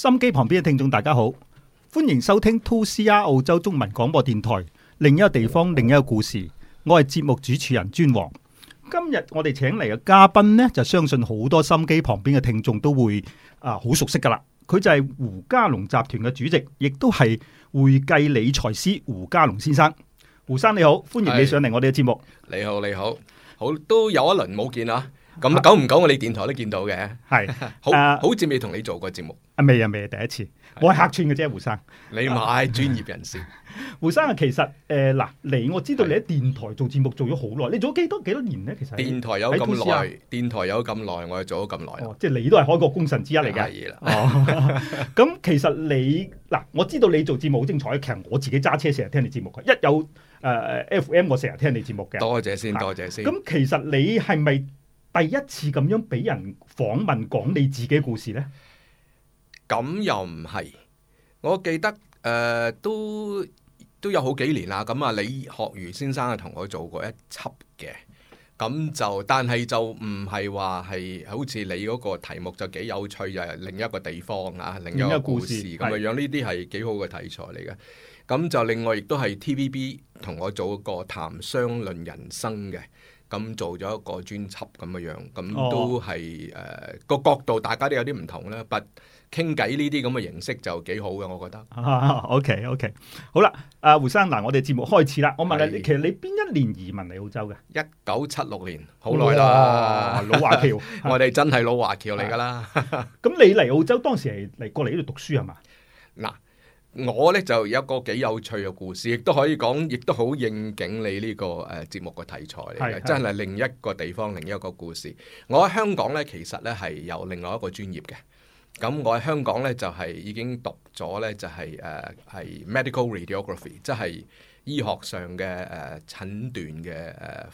心機旁邊嘅聽眾大家好，歡迎收聽 2CR 澳洲中文廣播電台，另一個地方，另一個故事。我係節目主持人尊王，今日我哋請嚟嘅嘉賓呢，就相信好多心機旁邊嘅聽眾都會啊好熟悉噶啦。佢就係胡嘉龍集團嘅主席，亦都係會計理財師胡嘉龍先生。胡生你好，歡迎你上嚟我哋嘅節目。你好，你好，好都有一輪冇見啊。咁久唔久我哋電台都見到嘅，係是 好好似未同你做過節目。啊，未啊未啊，第一次。我係客串嘅啫，胡生。你買專業人士， 胡生啊。其實誒嗱，你、呃、我知道你喺電台做節目做咗好耐，的你做咗幾多幾多年咧？其實電台有咁耐，啊、電台有咁耐，我又做咗咁耐。即係你都係開國功臣之一嚟嘅。大啦、 嗯！咁其實你嗱，我知道你做節目好精彩。其實我自己揸車成日聽你節目嘅，一有誒誒、呃、F M 我成日聽你節目嘅。多謝先，多謝先。咁其實你係咪？第一次咁樣俾人訪問講你自己故事呢？咁又唔係，我記得誒、呃，都都有好幾年啦。咁啊，李學儒先生啊同我做過一輯嘅。咁就但係就唔係話係好似你嗰個題目就幾有趣，就係、是、另一個地方啊，另一個故事咁樣。呢啲係幾好嘅題材嚟嘅。咁的就另外亦都係 TVB 同我做過談商論人生嘅。咁做咗一個專輯咁嘅樣，咁都係誒個角度，大家都有啲唔同啦。不傾偈呢啲咁嘅形式就幾好嘅，我覺得。Oh, OK OK，好、啊、啦，阿胡生，嗱，我哋節目開始啦。是我問你，其實你邊一年移民嚟澳洲嘅？一九七六年，好耐啦，老華僑， 我哋真係老華僑嚟噶啦。咁 你嚟澳洲當時係嚟過嚟呢度讀書係嘛？嗱。我呢就有一個幾有趣嘅故事，亦都可以講，亦都好應景你呢個誒節目嘅題材嚟嘅，係係真係另一個地方，另一個故事。我喺香港呢，其實呢係有另外一個專業嘅。咁我喺香港呢，就係、係、已經讀咗呢、就係，啊、ography, 就係誒係 medical radiography，即係醫學上嘅誒、啊、診斷嘅誒、啊、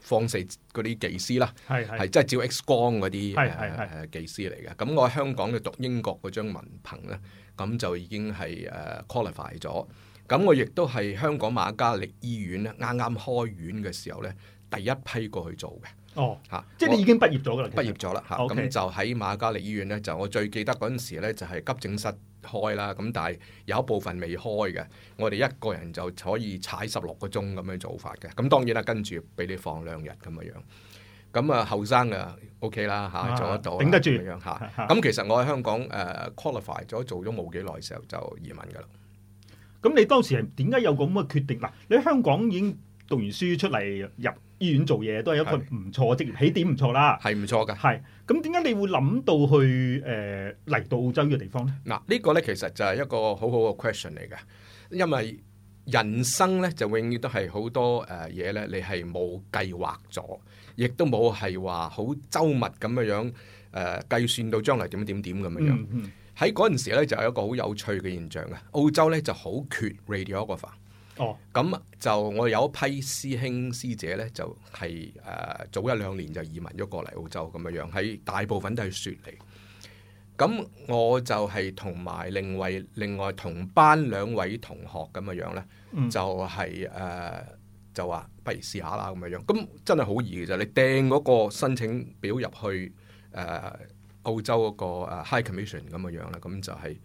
方式嗰啲技師啦，係係係係係即係照 X 光嗰啲係係係技師嚟嘅。咁我喺香港呢讀英國嗰張文憑呢。咁就已經係誒 qualify 咗，咁我亦都係香港瑪嘉烈醫院咧，啱啱開院嘅時候咧，第一批過去做嘅。哦，嚇、啊，即係你已經畢業咗啦，我畢業咗啦嚇。咁 okay.、啊、就喺瑪嘉烈醫院咧，就我最記得嗰陣時咧，就係急症室開啦，咁但係有一部分未開嘅，我哋一個人就可以踩十六個鐘咁樣做法嘅。咁當然啦，跟住俾你放兩日咁嘅樣。咁啊，後生嘅 OK 啦嚇，做得到，頂得住咁樣嚇。咁其實我喺香港誒 qualify 咗，uh, 做咗冇幾耐嘅時候就移民嘅啦。咁你當時係點解有咁嘅決定？嗱，你喺香港已經讀完書出嚟入醫院做嘢，都係一個唔錯嘅職業的起點，唔錯啦，係唔錯嘅。係咁點解你會諗到去誒嚟、uh, 到澳洲嘅地方咧？嗱、啊，呢、呢個咧其實就係一個好好嘅 question 嚟嘅，因為。人生咧就永遠都係好多誒嘢咧，你係冇計劃咗，亦都冇係話好周密咁樣誒、呃、計算到將來點點點咁樣，怎樣，樣。喺嗰陣時咧就有一個好有趣嘅現象嘅，澳洲咧就好缺 radiographer。A, 哦，咁就我有一批師兄師姐咧，就係、是、誒、呃、早一兩年就移民咗過嚟澳洲咁樣，喺大部分都係雪梨。咁我就係同埋另外另外同班兩位同學咁嘅樣咧、嗯就是呃，就係誒就話不如試下啦咁嘅樣,樣。咁真係好易嘅啫，你掟嗰個申請表入去誒、呃、澳洲嗰個 High Commission 咁嘅樣咧，咁就係、是、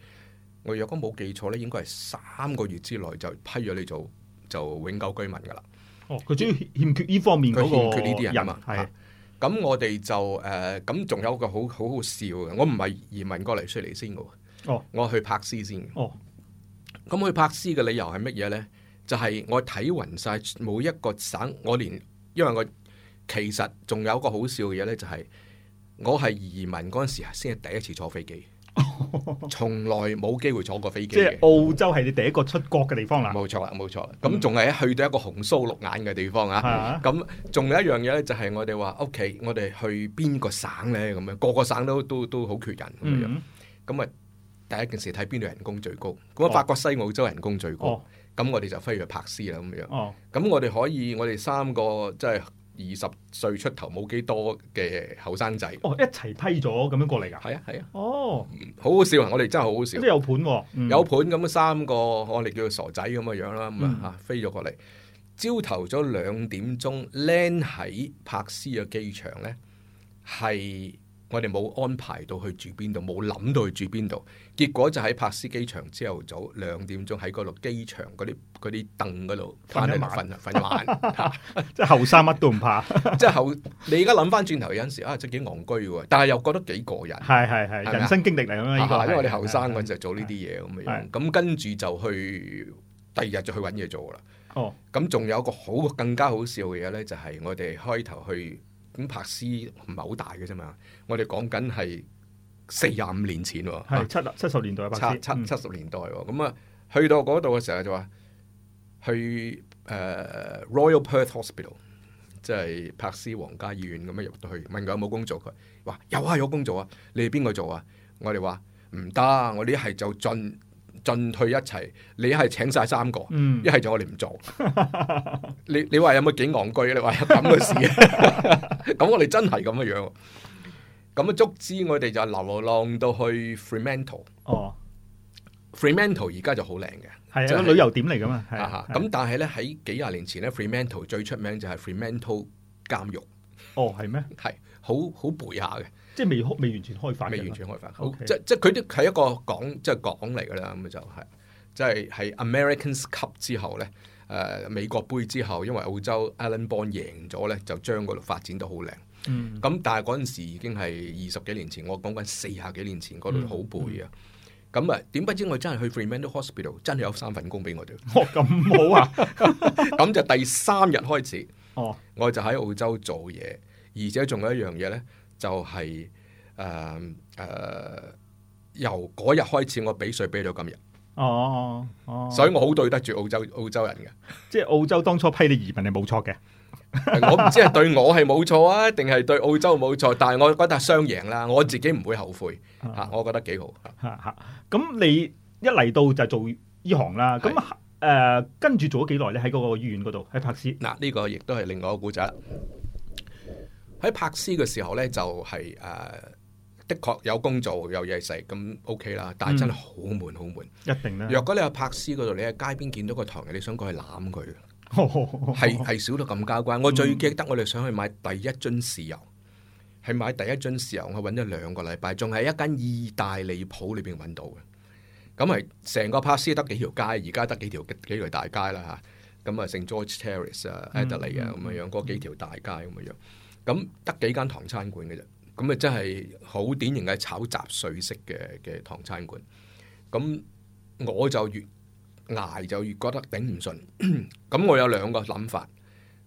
我若果冇記錯咧，應該係三個月之內就批咗你做就永久居民噶啦。哦，佢主要欠缺呢方面佢欠缺呢啲人啊，係。咁我哋就誒，咁、呃、仲有個好好好笑嘅，我唔係移民過嚟出嚟先嘅，oh. 我去珀斯先。哦，咁去珀斯嘅理由係乜嘢呢？就係、是、我睇勻晒每一個省，我連因為我其實仲有個好笑嘅嘢呢，就係我係移民嗰陣時先係第一次坐飛機。從 來冇機會坐過飛機嘅，即係澳洲係你第一個出國嘅地方啦。冇錯啦，冇錯啦。咁仲係去到一個紅鬚綠眼嘅地方啊。咁仲、嗯嗯、有一樣嘢咧，就、okay, 係我哋話，O K，我哋去邊個省呢？咁樣，個個省都都都好缺人咁、嗯、樣。咁啊，第一件事睇邊度人工最高。我發覺西澳洲人工最高，咁、哦、我哋就飛去珀斯啦咁樣。咁、哦、我哋可以，我哋三個即係。就是二十歲出頭冇幾多嘅後生仔，哦一齊批咗咁樣過嚟噶，係啊係啊，哦好好笑啊！我哋真係好好笑，即係有盤、哦嗯、有盤咁樣三個，我哋叫做傻仔咁嘅樣啦，咁啊吓飛咗過嚟，朝頭早兩點鐘，land 喺柏斯嘅機場咧係。我哋冇安排到去住邊度，冇諗到去住邊度，結果就喺珀斯機場朝頭早兩點鐘喺嗰度機場嗰啲啲凳嗰度瞓瞓晚晚 即係後生乜都唔怕，即 係 後你而家諗翻轉頭有陣時啊，即幾昂居喎！啊啊啊， 但係又覺得幾過癮。係係係，是是是是，人生經歷嚟㗎嘛。因為我哋後生嗰陣就做呢啲嘢咁樣，咁跟住就去第二日就去揾嘢做啦。哦，咁仲有個好更加好笑嘅嘢咧，就係、是、我哋開頭去咁柏斯唔係好大嘅啫嘛，我哋講緊係四十五年前喎，係是、啊、七七十年代柏斯七七十年代喎，咁啊、嗯、去到嗰度嘅時候就話去誒、呃、Royal Perth Hospital，即係柏斯皇家醫院咁樣入到去問佢有冇工作，佢話有啊，有工作啊，你哋邊個做啊？我哋話唔得，我哋一係就進。進退一齊，你係請晒三個，一係就我哋唔做。 你你話有冇幾戇居？你話有咁嘅事，咁、 嗯、我哋真係咁嘅樣。咁、嗯、啊，足之我哋就流流浪到去 Fremantle、哦。哦，Fremantle 而家就好靚嘅，係啊是，就是、旅遊點嚟噶嘛。啊，咁 但係咧喺幾廿年前咧，Fremantle 最出名就係 Fremantle 監獄。是哦，係咩？係嗎嗎好好背下嘅。即係未未完全開發。未完全開發。好 Okay.，即即係佢啲係一個港，即係港嚟㗎啦。咁就係、是、即係、就、喺、是、Americans Cup 之後咧，誒、呃、美國杯之後，因為澳洲 Allen 邦贏咗咧，就將嗰度發展到好靚。咁、嗯、但係嗰陣時已經係二十幾年前，我講緊四廿幾年前嗰度好背啊。咁啊，點、嗯嗯、不知我真係去 f r e e m a n Hospital，真係有三份工俾我哋。咁好、哦、啊。咁 就第三日開始，哦，我就喺澳洲做嘢，而且仲有一樣嘢咧。就係誒誒，由嗰日開始我比稅比到今日哦，哦，所以我好對得住澳洲澳洲人嘅，即係澳洲當初批你移民係冇錯嘅， 我唔知係對我係冇錯啊，定係對澳洲冇錯，但係我覺得雙贏啦，我自己唔會後悔吓、嗯啊，我覺得幾好吓吓。咁、啊啊、你一嚟到就做，醫行是、呃、做呢行啦，咁誒跟住做咗幾耐咧？喺嗰個醫院嗰度喺柏斯嗱，呢、啊這個亦都係另外一個古仔。喺柏斯嘅時候咧，就係、是、誒、啊，的確有工做，有嘢食，咁 OK 啦。但係真係好悶，好悶、嗯。悶一定啦。若果你喺柏斯嗰度，你喺街邊見到個唐人，你想過去攬佢，係係少到咁交關。我最記得我哋想去買第一樽豉油，係、嗯、買第一樽豉油，我揾咗兩個禮拜，仲係一間意大利鋪裏邊揾到嘅。咁係成個柏斯得幾條街，而家得幾條幾條大街啦吓。咁啊，聖 George Terrace 啊，Adelaide 啊，咁嘅樣，嗰、啊啊啊、幾條大街咁嘅樣。嗯啊咁得幾間唐餐館嘅啫，咁啊真係好典型嘅炒雜碎式嘅嘅唐餐館。咁我就越捱就越覺得頂唔順。咁 我有兩個諗法，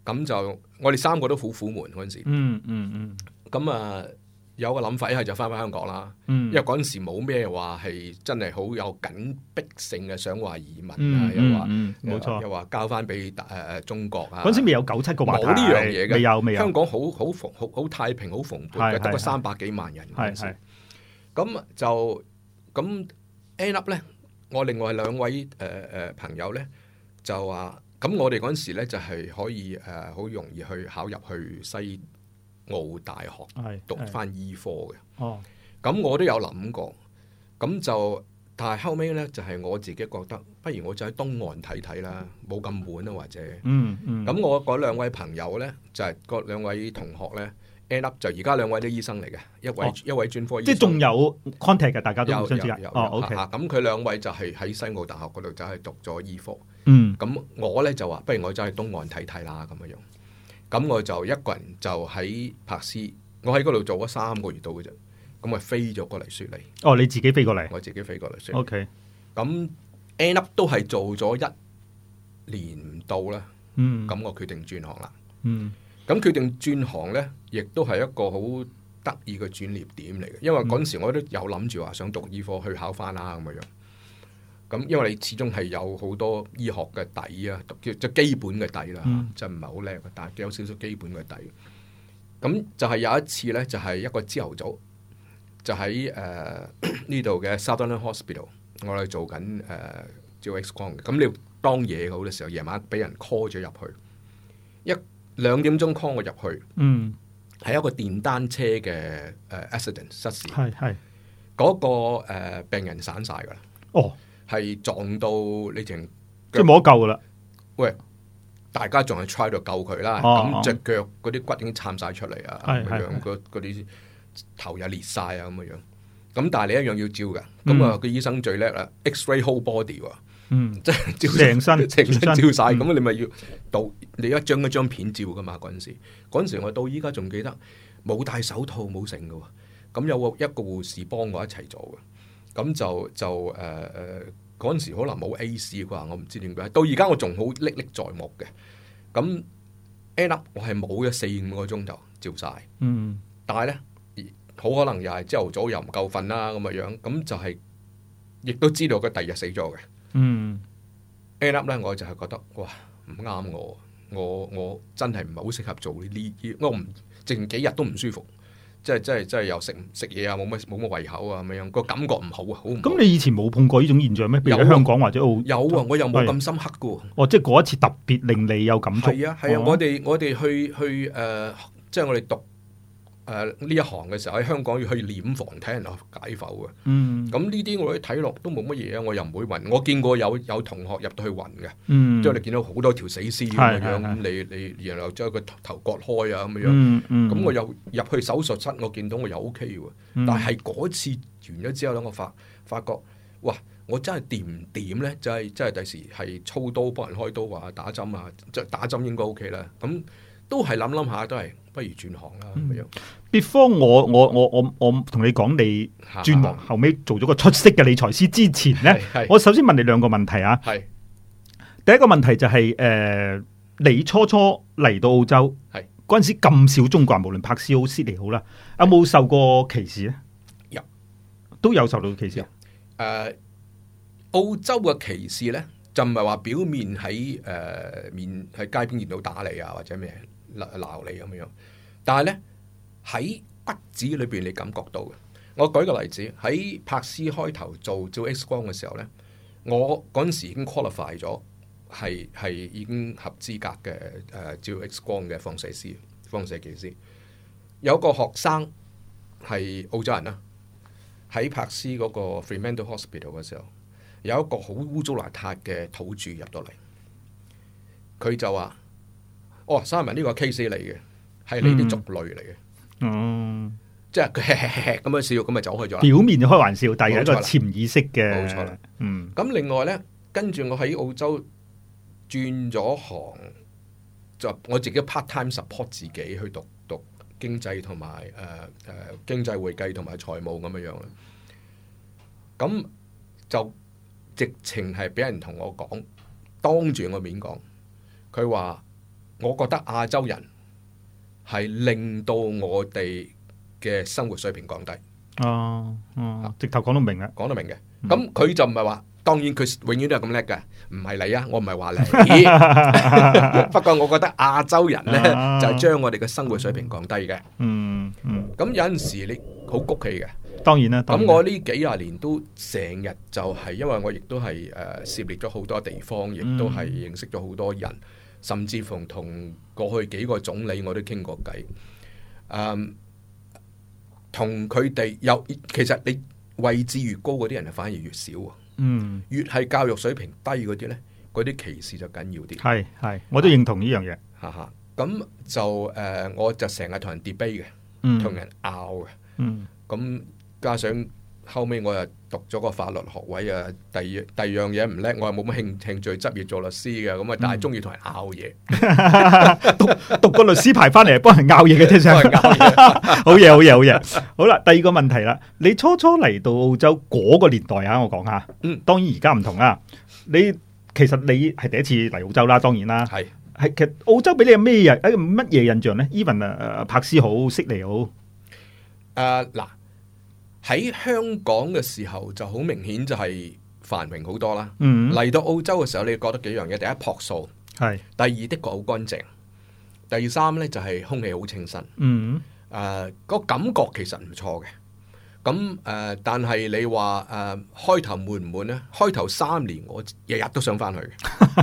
咁就我哋三個都苦苦悶嗰陣時嗯。嗯嗯嗯。咁啊。有個諗法，一係就翻返香港啦。嗯、因為嗰陣時冇咩話係真係好有緊迫性嘅，想話移民啊，又話冇錯，又話交翻俾誒誒中國啊。嗰陣時未有九七個萬冇呢樣嘢嘅，未有，未有。香港好好，好逢好，好太平，好蓬勃嘅，得個三百幾萬人嗰時。咁就咁 end up 咧，我另外兩位誒誒、呃呃呃、朋友咧就話：咁我哋嗰陣時咧就係可以誒好、呃、容易去考入去西，西。澳大學係讀翻醫科嘅，哦，咁我都有諗過，咁就但係後尾咧，就係、是、我自己覺得，不如我就喺東岸睇睇啦，冇咁悶啊，或者，嗯，咁、嗯、我嗰兩位朋友咧，就係嗰兩位同學咧 end up 就而家兩位都醫生嚟嘅，一位、哦、一位專科醫生，即係仲有 contact 嘅，大家都有，知啦，OK 咁佢兩位就係喺西澳大學嗰度就係讀咗醫科，嗯，咁我咧就話，不如我就去東岸睇睇啦，咁樣。咁我就一個人就喺柏斯，我喺嗰度做咗三個月到嘅啫，咁咪飛咗過嚟雪梨。哦，你自己飛過嚟？我自己飛過嚟雪梨。O K，咁 end up 都係做咗一年唔到啦。嗯，咁我決定轉行啦。嗯，咁決定轉行咧，亦都係一個好得意嘅轉捩點嚟嘅，因為嗰陣時我都有諗住話想讀醫科去考返啦咁嘅樣。咁，因為你始終係有好多醫學嘅底啊，即、就是、基本嘅底啦、啊，就唔係好叻，但係有少少基本嘅底。咁、嗯、就係、是、有一次呢，就係、是、一個朝頭早，就喺誒呢、呃、度嘅 Southern Hospital，我哋做緊誒、呃、X 光咁、嗯、你當夜好嘅時候，夜晚俾人 call 咗入去一兩點鐘 call 我入去，去嗯，係一個電單車嘅誒、呃、accident 失事，係係嗰個、呃、病人散晒㗎啦，哦了。Oh. 係撞到你成即係冇得救噶啦！喂，大家仲係 try 度救佢啦。咁隻腳嗰啲骨已經撐晒出嚟，啊，樣嗰啲頭又裂晒啊，咁樣。咁但係你一樣要照噶。咁啊，個醫生最叻啦，X-ray whole body 喎。嗯，即係照成身成身照晒。咁你咪要到你一張一張片照噶嘛？嗰陣時，嗰陣時我到依家仲記得冇戴手套冇成噶。咁有個一個護士幫我一齊做噶。咁就就誒誒。嗰陣時可能冇 A.C. 啩，我唔知點解。到而家我仲好歷歷在目嘅。咁 End up 我係冇咗四五個鐘頭照晒，嗯。但係咧，好可能又係朝頭早又唔夠瞓啦咁嘅樣。咁就係、是、亦都知道佢第二日死咗嘅。嗯。End up 咧我就係覺得哇唔啱我，我我真係唔係好適合做呢啲。我唔淨幾日都唔舒服。即係即係即係又食食嘢啊，冇乜冇乜胃口啊，咁樣個感覺唔好啊，好唔，咁你以前冇碰過呢種現象咩？譬如喺香港或者澳洲有啊，我又冇咁深刻嘅、就係。哦，即係嗰一次特別令你有感觸。係、嗯、啊，係啊，嗯、我哋我哋去去誒、呃，即係我哋讀。誒呢、啊、一行嘅時候喺香港要去殮房睇人解剖嘅，咁呢啲我睇落都冇乜嘢啊！我又唔會暈，我見過有有同學入到去暈嘅，即係你見到好多條死屍咁樣，嗯、你你然後將佢頭割開啊咁樣，咁、嗯嗯嗯、我又入去手術室，我見到我又 O K 喎，但係嗰次完咗之後咧，我發發覺哇，我真係掂唔掂咧？就係即係第時係操刀幫人開刀啊、打針啊，即打針應該 O K 啦。咁都係諗諗下，都係不如轉行啦咁樣。嗯。Before 我我我我我同你講，你轉望後尾做咗個出色嘅理財師之前咧， 是我首先問你兩個問題啊。第一個問題就係、是、誒、呃，你初初嚟到澳洲，嗰陣是時咁少中國人，無論珀斯好悉尼好啦，是有冇受過歧視咧？有，都有受到歧視。誒、呃，澳洲嘅歧視咧，就唔係話表面喺誒、呃、面喺街邊見到打你啊，或者咩鬧你咁樣，但係咧。喺骨子裏邊，你感覺到嘅。我舉個例子，喺柏斯開頭做照 X 光嘅時候咧，我嗰陣時已經 qualify 咗，係係已經合資格嘅誒照 X 光嘅放射師、放射技師。有一個學生係澳洲人啦，喺柏斯嗰個 Fremantle Hospital 嘅時候，有一個好污糟邋遢嘅土著入到嚟，佢就話，哦，三文呢個 case 嚟嘅，係你啲族類嚟嘅。嗯，即係咁樣笑，咁咪走去咗表面開玩笑，嗯、但係有一個潛意識嘅。冇錯啦，嗯。咁另外咧，跟住我喺澳洲轉咗行，就我自己 part time support 自己去讀讀經濟同埋誒誒經濟會計同埋財務咁樣樣啦。咁就直情係俾人同我講，當住我面講，佢話我覺得亞洲人。係令到我哋嘅生活水平降低。哦哦，直頭講到明嘅，講到明嘅。咁佢就唔係話，當然佢永遠都係咁叻嘅，唔係你啊，我唔係話你。不過我覺得亞洲人呢，就係將我哋嘅生活水平降低嘅。嗯嗯。咁有陣時你好谷氣嘅，當然啦。咁我呢幾廿年都成日就係，因為我亦都係誒涉獵咗好多地方，亦都係認識咗好多人。甚至乎同過去幾個總理我都傾過偈，誒、嗯，同佢哋有。其實你位置越高嗰啲人，反而越少。嗯，越係教育水平低嗰啲呢，嗰啲歧視就緊要啲。係係，我都認同呢樣嘢嚇嚇。咁就誒，我就成日同人 debate 嘅，同人拗嘅。咁、嗯、加上。後尾我又讀咗個法律學位啊，第二第二樣嘢唔叻，我又冇乜興興趣執業做律師嘅，咁啊，但係中意同人拗嘢。讀讀個律師牌翻嚟係幫人拗嘢嘅啫，真係。好嘢，好嘢，好嘢。好啦，第二個問題啦，你初初嚟到澳洲嗰個年代啊，我講吓，嗯，當然而家唔同啦。你其實你係第一次嚟澳洲啦，當然啦，係係其實澳洲俾你咩啊？哎，乜嘢印象咧？Even 啊，柏斯好，悉尼好，誒嗱。喺香港嘅時候就好明顯就係繁榮好多啦。嚟、mm hmm. 到澳洲嘅時候，你覺得幾樣嘢？第一樸素，是第二的確好乾淨，第三呢就係、是、空氣好清新。嗯、mm，誒、hmm. 呃，那個感覺其實唔錯嘅。咁誒、呃，但係你話誒、呃、開頭悶唔悶呢？開頭三年我日日都想翻去，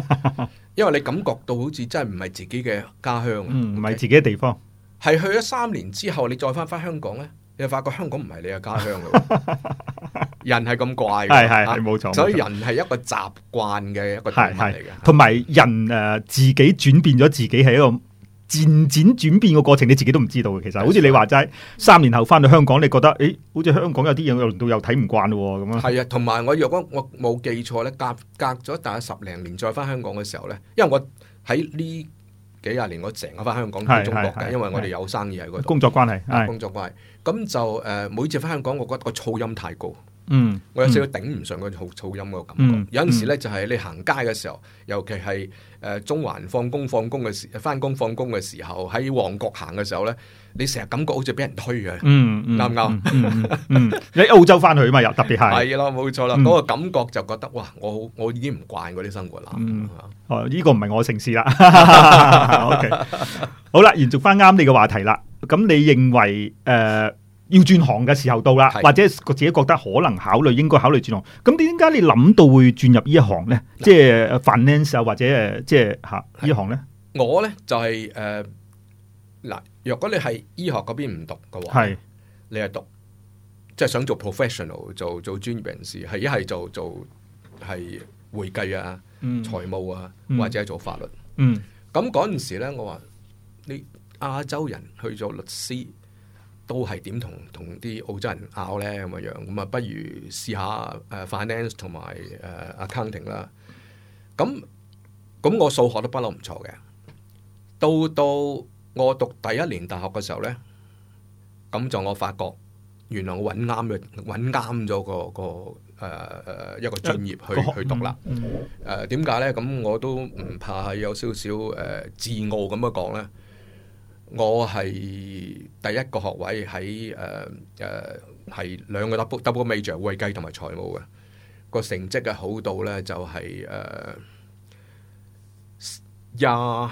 因為你感覺到好似真係唔係自己嘅家鄉，唔係、嗯、自己嘅地方。係、okay? 去咗三年之後，你再翻翻香港呢？你發覺香港唔係你嘅家鄉嘅喎， 人係咁怪，係係冇錯。所以人係一個習慣嘅一個動物嚟嘅，同埋是人誒、呃、自己轉變咗自己係一個漸漸轉變嘅過程，你自己都唔知道嘅。其實好似對你話齋，對三年後翻到香港，你覺得誒，好似香港有啲嘢又到又睇唔慣喎，咁樣。係啊，同埋我若果我冇記錯咧，隔隔咗大概十零年再翻香港嘅時候咧，因為我喺呢。幾廿年我成日翻香港做中國嘅，因為我哋有生意喺嗰度工作關係，工作關係。咁是就誒、呃，每次翻香港，我覺得個噪音太高。嗯，我有時要頂唔上個嘈噪音個感覺。嗯、有陣時咧，就係、是、你行街嘅時候，尤其係誒、呃、中環放工放工嘅時，翻工放工嘅時候，喺旺角行嘅時候咧。你成日感覺好似俾人推嘅，啱唔啱？喺澳洲翻去啊嘛，又特別係係啦，冇錯啦，嗰個感覺就覺得哇，我我已經唔慣嗰啲生活啦。哦，呢個唔係我城市啦。好啦，延續翻啱你嘅話題啦。咁你認為誒要轉行嘅時候到啦，或者自己覺得可能考慮應該考慮轉行？咁點解你諗到會轉入呢一行咧？即係 finance 或者誒，即係吓呢行咧？我咧就係誒嗱。若果你係醫學嗰邊唔讀嘅話，是你係讀即係、就是、想做 professional，做做專業人士，係一係做做係會計啊、嗯、財務啊，或者係做法律。嗯，咁嗰陣時咧，我話你亞洲人去做律師都係點同同啲澳洲人拗？咧咁嘅樣，咁啊不如試下誒、呃、finance 同埋誒、呃、accounting 啦。咁、啊、咁我數學都不嬲唔錯嘅，到到。我讀第一年大學嘅時候呢，咁就我發覺原來我揾啱咗揾啱咗個個誒、呃、一個專業去去讀啦。誒點解呢？咁我都唔怕有少少誒、呃、自傲咁樣講呢，我係第一個學位喺誒誒係兩個 double major 會計同埋財務嘅個成績嘅好到呢，就係誒廿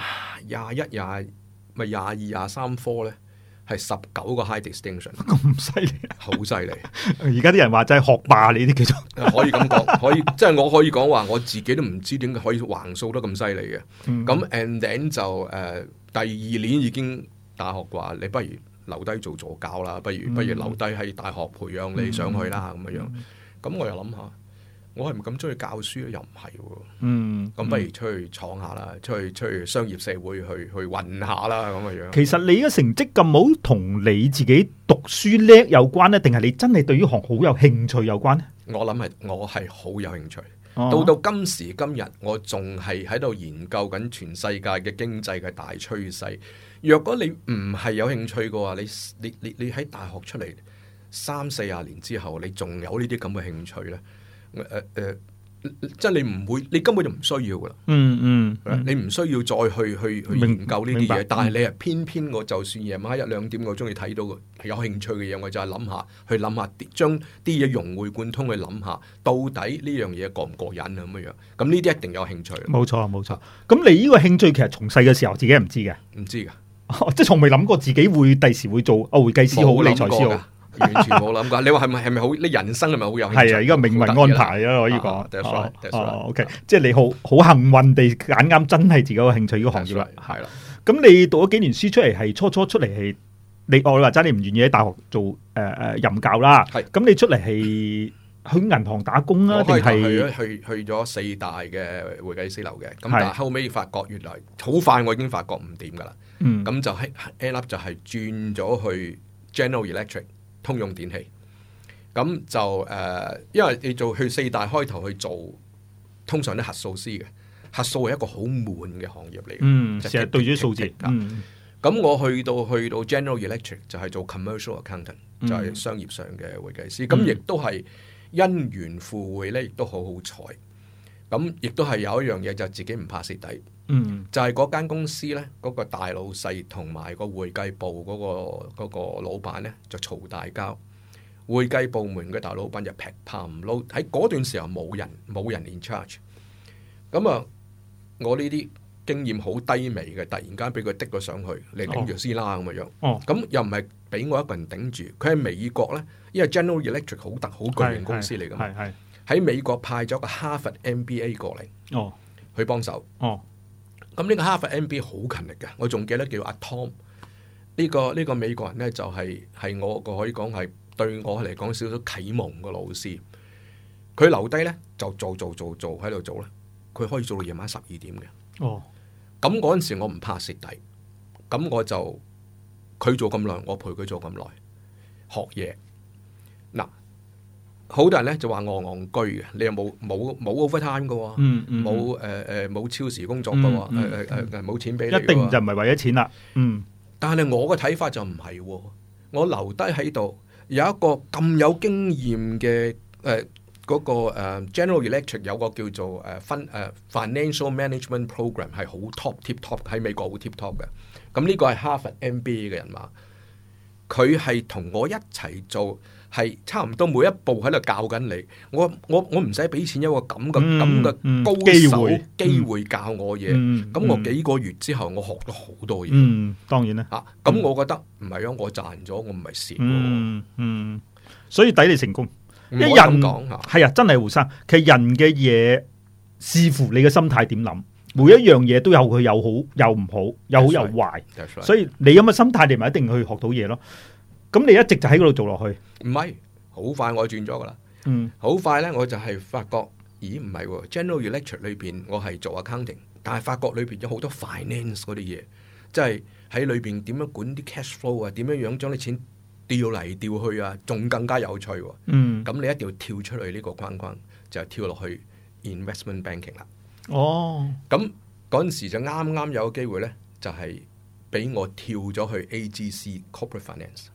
廿一廿。咪廿二、廿三科咧，係十九個 High Distinction，咁犀利，好犀利。而家啲人話真係學霸。你呢啲叫做可以咁講，可以，即係我可以講話，我自己都唔知點解可以橫掃得咁犀利嘅。咁、嗯、and then 就誒、呃，第二年已經大學啩，你不如留低做助教啦，不如不如留低喺大學培養你上去啦，咁樣、嗯、樣。咁我又諗下。我係唔係咁中意教書咯，又唔係嗯咁，不如出去闖下啦，嗯、出去出去商業社會去去混下啦，咁嘅樣。其實你嘅成績咁好，同你自己讀書叻有關呢？定係你真係對於學好有興趣有關呢？我諗係我係好有興趣，到到今時今日，我仲係喺度研究緊全世界嘅經濟嘅大趨勢。若果你唔係有興趣嘅話，你你你你喺大學出嚟三四十年之後，你仲有呢啲咁嘅興趣呢？誒誒、呃呃，即係你唔會，你根本就唔需要噶啦、嗯。嗯嗯，你唔需要再去、嗯、去研究呢啲嘢，但係你係，偏偏我就算夜晚一兩點，我中意睇到嘅，有興趣嘅嘢，我就係諗下，去諗下，將啲嘢融會貫通去諗下，到底呢樣嘢過唔過癮啊？咁樣，咁呢啲一定有興趣。冇錯，冇錯。咁你呢個興趣其實從細嘅時候自己係唔知嘅，唔知噶、哦，即係從未諗過自己會第時會做啊會計師好，理財師好。完全冇諗過，你話係咪係咪好？你人生係咪好有趣？係啊，而家命運安排啊，可以講。OK 即係你好好幸運地啱啱真係自己個興趣呢個行業啦。係啦，咁你讀咗幾年書出嚟，係初初出嚟係你我話真係唔願意喺大學做誒誒任教啦。係，咁你出嚟係去銀行打工啊？定係去去咗四大嘅會計四流會計師樓嘅？咁但係後尾發覺，原來好快我已經發覺唔掂噶啦。咁就係 end up 就係轉咗去 General Electric。通用電器，咁就誒、呃，因為你做去四大開頭去做，通常啲核數師嘅核數係一個好悶嘅行業嚟嘅。嗯，成日對住啲數字。咁我去到去到 General Electric 就係做 commercial accountant，嗯、就係商業上嘅會計師。咁亦、嗯、都係因緣赴會咧，亦都好好彩。咁亦都係有一樣嘢就自己唔怕蝕底。嗯，mm hmm. 就係嗰間公司咧，嗰、嗰個大老細同埋個會計部嗰、嗰個嗰個老闆咧就嘈大交。會計部門嘅大老闆就劈炮唔撈，喺嗰段時候冇人冇人 in charge。咁啊，我呢啲經驗好低微嘅，突然間俾佢滴咗上去，你頂住先啦咁嘅樣。咁、oh. 又唔係俾我一個人頂住。佢喺美國咧，因為 General Electric 好大好巨型公司嚟㗎嘛，喺美國派咗個哈佛 MBA 過嚟哦，oh. 去幫手哦。Oh. 咁呢個哈佛 MBA 好勤力嘅，我仲記得叫阿 Tom 呢、呢個呢、呢個美國人呢，就係、係、係我個可以講係對我嚟講少少啟蒙個老師。佢留低呢，就做做做做喺度做咧，佢可以做到夜晚十二點嘅。哦，咁嗰陣時我唔怕蝕底，咁我就佢做咁耐，我陪佢做咁耐，學嘢。好多人咧就話我戇居嘅，你又冇冇冇 overtime 嘅喎，冇誒誒冇超時工作嘅喎，冇、mm hmm. 呃呃、錢俾你，一定就唔係為咗錢啦。嗯，但係我個睇法就唔係，我留低喺度有一個咁有經驗嘅誒嗰個 General Electric 有個叫做誒分誒 Financial Management Program 係好 top tip top 喺美國好 tip top 嘅，咁呢個係哈佛 MBA 嘅人話，佢係同我一齊做。係差唔多每一步喺度教緊你。我我我唔使俾錢，一個咁咁咁嘅高手機會教我嘢，咁我幾個月之後我學咗好多嘢。嗯，當然啦。吓，咁我覺得唔係啊，我賺咗我唔係蝕。嗯嗯，所以抵你成功。唔該咁講吓。係啊，真係胡生。其實人嘅嘢視乎你嘅心態點諗，每一樣嘢都有佢有好有唔好，有好有壞。所以你咁嘅心態，你咪一定去學到嘢咯。咁你一直就喺度做落去？唔係，好快我轉咗噶啦。嗯，好快呢，我就係發覺，咦，唔係喎。General Electric 裏邊我係做 accounting，但係發覺裏邊有好多 finance 嗰啲嘢，即係喺裏邊點樣管啲 cash flow 啊，點樣樣將啲錢調嚟調去啊，仲更加有趣喎。哦。嗯，咁你一定要跳出去呢個框框，就跳落去 investment banking 啦。哦，咁嗰陣時就啱啱有個機會咧，就係、是、俾我跳咗去 AGC corporate finance。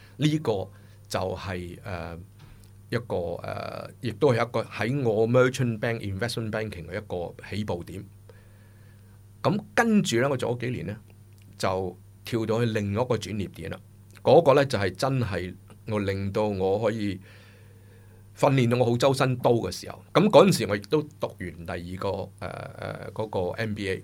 呢個就係誒一個誒、呃，亦都係一個喺我 merchant bank investment banking 嘅一個起步點。咁、嗯、跟住咧，我做咗幾年咧，就跳到去另一個轉捩點啦。嗰、那個咧就係、是、真係我令到我可以訓練到我好周身刀嘅時候。咁嗰陣時，我亦都讀完第二個誒誒嗰個 MBA。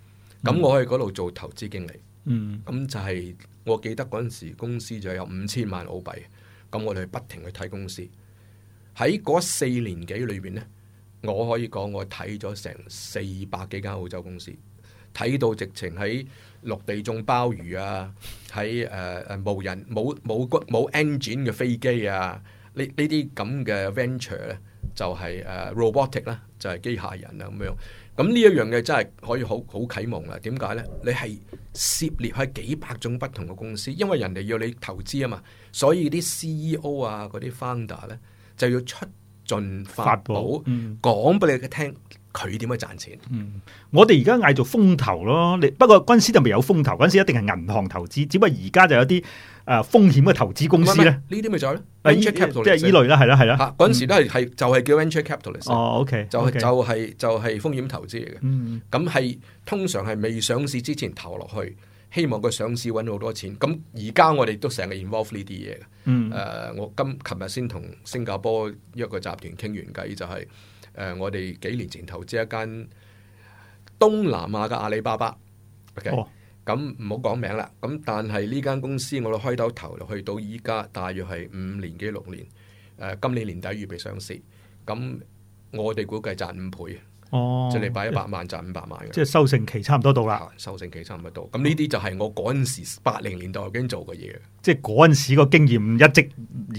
咁、嗯、我喺嗰度做投資經理，咁、嗯、就係我記得嗰陣時公司就有五千萬澳幣，咁我哋不停去睇公司。喺嗰四年幾裏邊呢，我可以講我睇咗成四百幾間澳洲公司，睇到直情喺陸地種鮑魚啊，喺誒誒無人冇冇冇 engine 嘅飛機啊，這這呢呢啲咁嘅 venture 咧就係、是、誒 robotic 啦，就係、是、機械人啊咁樣。咁呢一樣嘢真係可以好好啟蒙啦。點解呢？你係涉獵喺幾百種不同嘅公司，因為人哋要你投資啊嘛。所以啲 CEO 啊、嗰啲 founder 呢，就要出盡法寶，講俾、嗯、你聽佢點樣賺錢。嗯，我哋而家嗌做風投咯。你不過嗰陣時就未有風投，嗰陣時一定係銀行投資。只不過而家就有啲。誒，風險嘅投資公司咧，呢啲咪就係即係呢類啦，係啦，係啦。嗰陣時都係係就係叫 venture capitalist，o k 就係就係就係風險投資嚟嘅。咁係通常係未上市之前投落去，希望佢上市揾好多錢。咁而家我哋都成日 involve 呢啲嘢嘅。誒，我今琴日先同新加坡一個集團傾完偈，就係誒，我哋幾年前投資一間東南亞嘅阿里巴巴。OK。咁唔好講名啦，咁但係呢間公司我哋開頭投落去到依家大約係五年幾六年，誒、呃，今年年底預備上市，咁我哋估計賺五倍，即係你擺一百萬賺五百萬即係收成期差唔多到啦、嗯，收成期差唔多到。咁呢啲就係我嗰陣時八零年代已經做嘅嘢，嗯、即係嗰陣時個經驗一直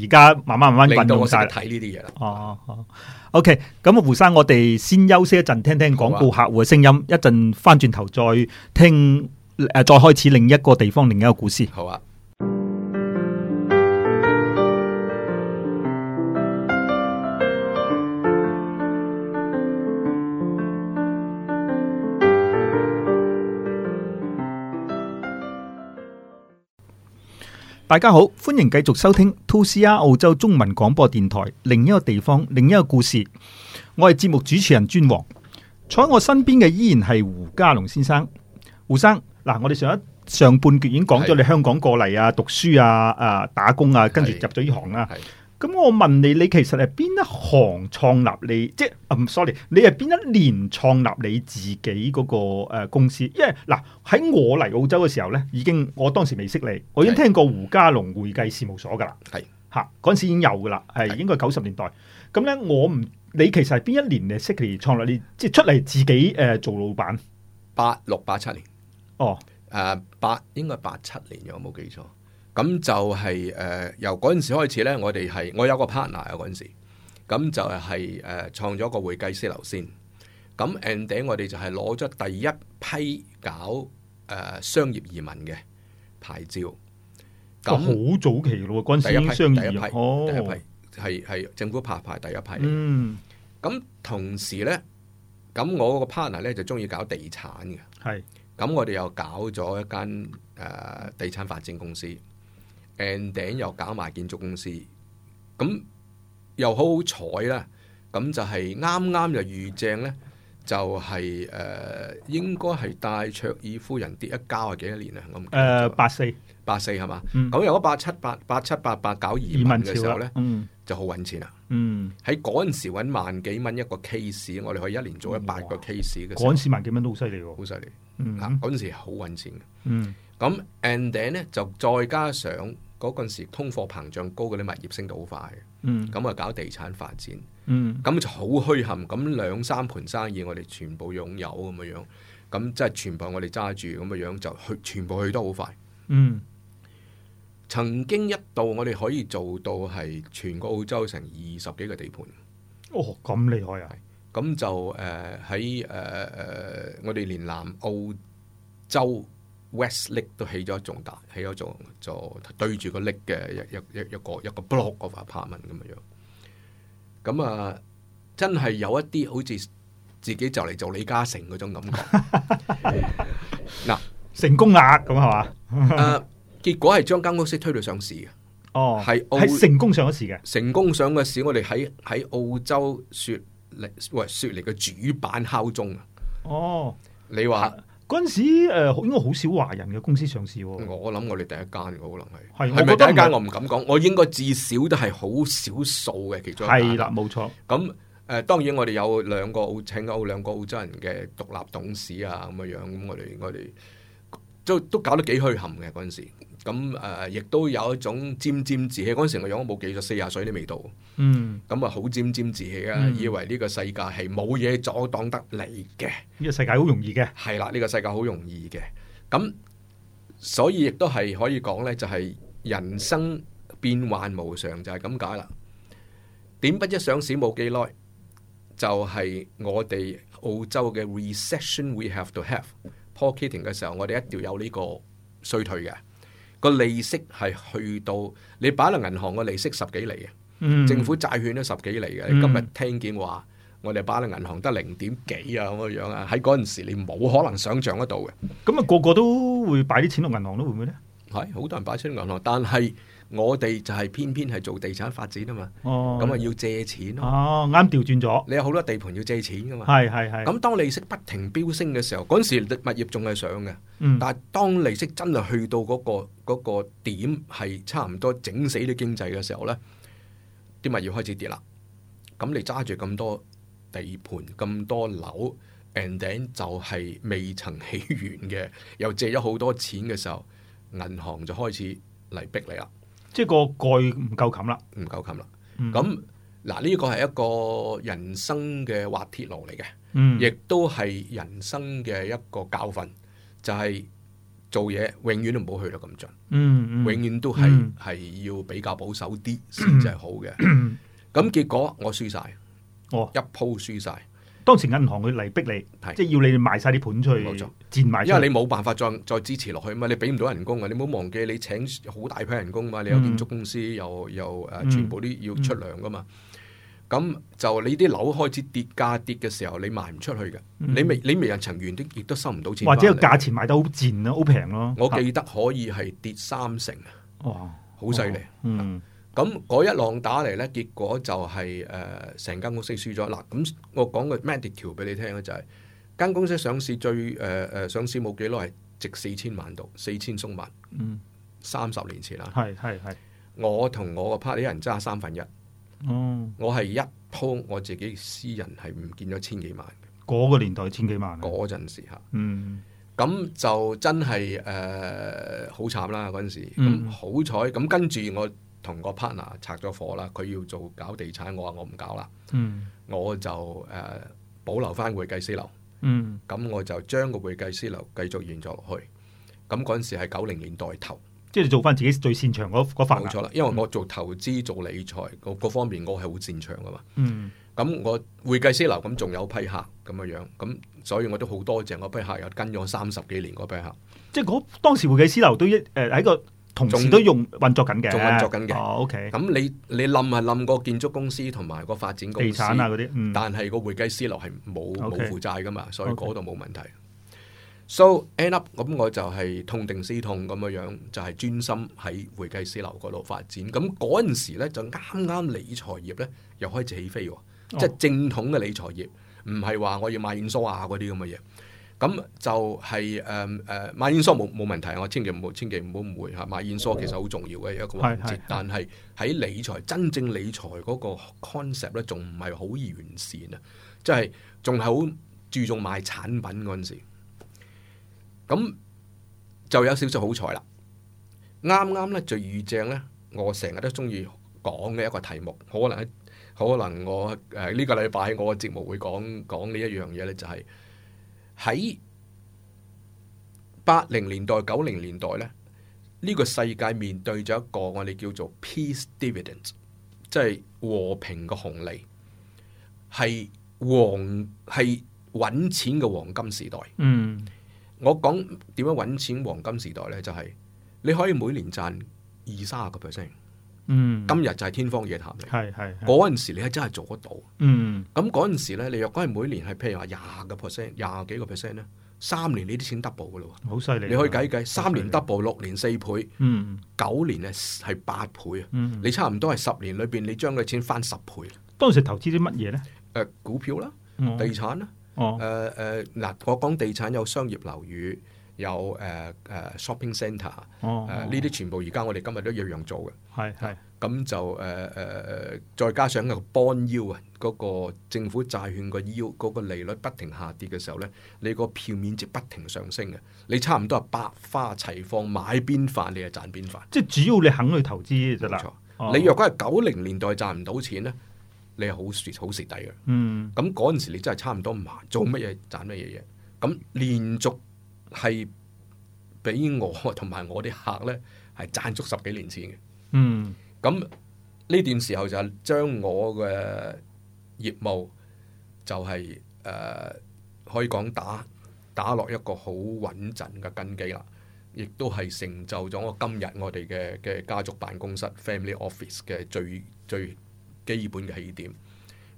而家慢慢慢慢運用晒，睇呢啲嘢啦。哦好，OK，咁啊，胡生，我哋先休息一陣，聽聽廣告客戶嘅聲音，啊、一陣翻轉頭再聽。再開始另一個地方，另一個故事。好啊！大家好，歡迎繼續收聽 2CR 澳洲中文廣播電台，另一個地方，另一個故事。我係節目主持人專王，坐喺我身邊嘅依然係胡嘉龍先生，胡生。嗱，我哋上一上半段已經講咗你香港過嚟啊，讀書啊，誒、啊，打工啊，跟住入咗呢行啦。咁我問你，你其實係邊一行創立你？即係唔、嗯、sorry，你係邊一年創立你自己嗰個誒公司？因為嗱，喺我嚟澳洲嘅時候咧，已經我當時未識你，我已經聽過胡嘉龍會計事務所噶啦，係吓嗰陣時已經有噶啦，係應該九十年代。咁咧，我唔你其實係邊一年嚟識你創立你？即係出嚟自己誒、呃、做老闆？八六八七年。哦，誒、uh,，八應該八七年我冇記錯？咁就係、是、誒，uh, 由嗰陣時開始咧，我哋係我有個 partner 啊嗰陣時，咁就係誒創咗個會計師樓先，咁 ending 我哋就係攞咗第一批搞誒、uh, 商業移民嘅牌照，咁好早期咯，第一批商業移民第一批係係政府拍排第一批。拍拍一批嗯，咁同時咧，咁我個 partner 咧就中意搞地產嘅，係。咁我哋又搞咗一間誒、呃、地產發展公司，and then 又搞埋建築公司，咁、嗯、又好好彩啦！咁就係啱啱就遇正咧，就係誒應該係戴卓爾夫人跌一交啊！幾多年啊？我唔八四，八四係嘛？咁有嗰八七八八七八八搞移民嘅時候咧，就好揾錢啦。嗯，喺嗰陣時揾萬幾蚊一個 case，我哋可以一年做一百個 case 嘅。嗰陣時萬幾蚊都好犀利喎，好犀利。嗯，嗰陣時好揾錢嘅，嗯，咁、嗯、And then 呢就再加上嗰陣時通貨膨脹高，嗰啲物業升到好快嘅，嗯，咁啊搞地產發展，嗯，咁就好虛憾。咁兩三盤生意我哋全部擁有咁樣樣，咁即係全部我哋揸住咁樣樣就去，全部去得好快，嗯，曾經一度我哋可以做到係全個澳洲成二十幾個地盤，哦咁厲害啊！咁就誒喺誒誒，我哋連南澳洲 Westlink 都起咗重大，起咗做棟就對住個 link 嘅一一一一個一個 block of apartment 咁樣。咁啊，啊，啊，啊，啊，啊，真係有一啲好似自己就嚟做李嘉誠嗰種感覺。嗱， 成功額咁係嘛？誒、 啊啊，結果係將間公司推到上市嘅。哦，係係澳成功上咗市嘅。成功上嘅市，我哋喺喺澳洲説。嚟喂，雪梨嘅主板敲鐘。哦、說啊！哦，你話嗰陣時誒，應該好少華人嘅公司上市喎，啊。我諗我哋第一間嘅可能係，係咪是第一間我唔敢講，我應該至少都係好少數嘅其中一個。係啦，冇錯。咁誒、呃，當然我哋有兩個澳請嘅兩個澳洲人嘅獨立董事啊，咁嘅樣。咁我哋我哋。都都搞得幾虛冚嘅嗰陣時，咁誒亦都有一種沾沾自喜。嗰陣時我養嗰部技術四十歲都未到，嗯，咁啊好沾沾自喜啊，以為呢個世界係冇嘢阻擋得你嘅。呢個世界好容易嘅，係啦，呢個世界好容易嘅。咁所以亦都係可以講呢，就係人生變幻無常，就係咁解啦。點不知上市冇幾耐，就係我哋澳洲嘅 recession，we have to have k 嘅時候，我哋一定要有呢個衰退嘅，個利息係去到你擺落銀行個利息十幾厘。嘅、嗯，政府債券都十幾厘。嘅、嗯。你今日聽見話，我哋擺落銀行得零點幾啊咁嘅樣啊，喺嗰陣時你冇可能想像得到嘅。咁啊，個個都會擺啲錢落銀行咯，會唔會呢？係好多人擺出銀行，但係。我哋就係偏偏係做地產發展啊嘛，咁啊、哦、要借錢咯。哦，啱調轉咗。你有好多地盤要借錢噶嘛？係係係。咁當利息不停飆升嘅時候，嗰陣時物業仲係上嘅，嗯、但係當利息真係去到嗰個嗰個點，係差唔多整死啲經濟嘅時候呢，啲物業開始跌啦。咁你揸住咁多地盤、咁多樓，ending 就係未曾起完嘅，又借咗好多錢嘅時候，銀行就開始嚟逼你啦。即係個蓋唔夠冚啦，唔夠冚啦。咁嗱、嗯，呢個係一個人生嘅滑鐵盧嚟嘅，亦都係人生嘅一個教訓。就係、嗯、做嘢永遠都唔好去到咁盡，嗯嗯、永遠都係係、嗯、要比較保守啲先至係好嘅。咁、嗯嗯嗯、結果我輸晒，哦、一鋪輸晒。當時銀行佢嚟逼你，是即係要你賣晒啲盤出去，賤賣錯，因為你冇辦法再再支持落去嘛，你俾唔到人工嘅，你唔好忘記你請好大批人工嘛，你有建築公司又、嗯、又誒，全部啲要出糧噶嘛，咁、嗯嗯嗯、就你啲樓開始跌價跌嘅時候，你賣唔出去嘅、嗯，你未你未曾完的亦都收唔到錢，或者個價錢賣得好賤咯，好平咯，我記得可以係跌三成，哇、啊，好犀利，咁嗰一浪打嚟呢，結果就係誒成間公司輸咗。嗱，咁我講個 medical 俾你聽咧，就係間公司上市最誒誒上市冇幾耐，係值四千萬度，四千鬆萬。三十年前啦。係係係。我同我個 partner 人揸三分一。我係一鋪我自己私人係唔見咗千幾萬。嗰個年代千幾萬。嗰陣時嚇。嗯。咁就真係誒好慘啦嗰陣時。好彩咁跟住我，同個 partner 拆咗夥啦，佢要做搞地產，我話我唔搞啦，嗯、我就誒、呃、保留翻會計師樓，咁、嗯、我就將個會計師樓繼續延續落去。咁嗰陣時係九零年代頭，即係做翻自己最擅長嗰份，冇錯啦，因為我做投資、嗯、做理財嗰方面，我係好擅長噶嘛。咁、嗯、我會計師樓咁仲有批客咁樣樣，咁所以我都好多謝個批客，又跟咗三十幾年個批客。即係嗰當時會計師樓都一誒喺個、嗯。嗯仲都用運作緊嘅，仲運作緊嘅。哦，OK 咁你你冧係冧個建築公司同埋個發展公司地產啊啲，嗯、但係個會計師樓係冇冇負債噶嘛，所以嗰度冇問題。Okay so end up，咁我就係痛定思痛咁樣樣，就係、是、專心喺會計師樓嗰度發展。咁嗰陣時咧就啱啱理財業咧又開始起飛、啊，即係、哦、正統嘅理財業，唔係話我要賣燕梳化嗰啲咁嘅嘢。咁就係誒誒，買燕梳冇冇問題，我千祈唔好千祈唔好誤會吓。買燕梳其實好重要嘅一個環節， 但係喺理財真正理財嗰個 concept 咧，仲唔係好完善啊，即係仲係好注重賣產品嗰陣時。咁就有少少好彩啦，啱啱咧就遇正咧，我成日都中意講嘅一個題目，可能可能我誒呢、呃這個禮拜我嘅節目會講講呢一樣嘢咧，就係。喺八零年代、九零年代咧，呢、呢個世界面對咗一個我哋叫做 peace dividends，即係和平嘅紅利，係黃係揾錢嘅黃金時代。嗯，我講點樣揾錢黃金時代咧，就係、係、你可以每年賺二三十個 percent。嗯，今日就係天方夜譚嚟，係係。嗰陣時你係真係做得到，嗯。咁嗰陣時咧，你若果係每年係譬如話廿個 percent，廿幾個 percent 咧，三年你啲錢 double 嘅咯，好犀利。你可以計計，三年 double，六年四倍，嗯，九年咧係八倍啊，嗯，你差唔多係十年裏邊你將個錢翻十倍。當時投資啲乜嘢咧？誒，呃，股票啦，地產啦，哦，誒嗱，呃呃呃，我講地產有商業樓宇，有誒誒、呃啊、shopping centre，誒、呃、呢啲、哦、全部而家我哋今日都樣樣做嘅，係係咁就誒誒、呃、再加上個 bond 腰啊，嗰個政府債券 yield, 個腰，嗰個利率不停下跌嘅時候咧，你個票面值不停上升嘅，你差唔多係百花齊放，買邊飯你係賺邊飯。即係只要你肯去投資嘅啫啦。錯哦、你若果係九零年代賺唔到錢咧，你係好蝕好蝕底嘅。嗯，咁嗰陣時你真係差唔多唔埋，做乜嘢賺乜嘢嘢。咁連續。係俾我同埋我啲客呢，係賺足十幾年前嘅。嗯，咁呢段時候就係將我嘅業務就係、是、誒、呃，可以講打打落一個好穩陣嘅根基啦，亦都係成就咗我今日我哋嘅嘅家族辦公室 （family office） 嘅最最基本嘅起點。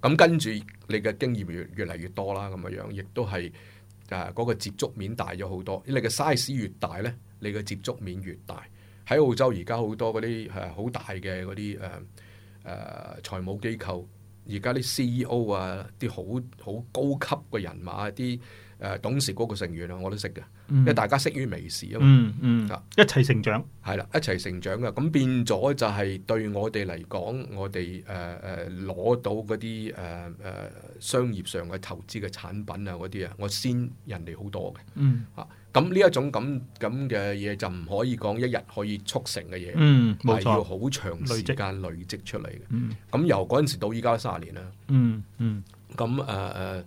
咁跟住你嘅經驗越越嚟越多啦，咁樣樣亦都係。啊！嗰個接觸面大咗好多，你嘅 size 越大咧，你嘅接觸面越大。喺澳洲而家好多嗰啲誒好大嘅嗰啲誒誒財務機構，而家啲 CEO 啊，啲好好高級嘅人馬啲。啊誒，董事局嘅成員啊，我都識嘅，因為大家識於微時啊嘛，嗯一齊成長係啦，一齊成長嘅，咁變咗就係對我哋嚟講，我哋誒誒攞到嗰啲誒誒商業上嘅投資嘅產品啊，嗰啲啊，我先人哋好多嘅，嗯咁呢一種咁咁嘅嘢就唔可以講一日可以促成嘅嘢，嗯，係要好長時間累積出嚟嘅，咁由嗰陣時到依家卅年啦，嗯咁誒誒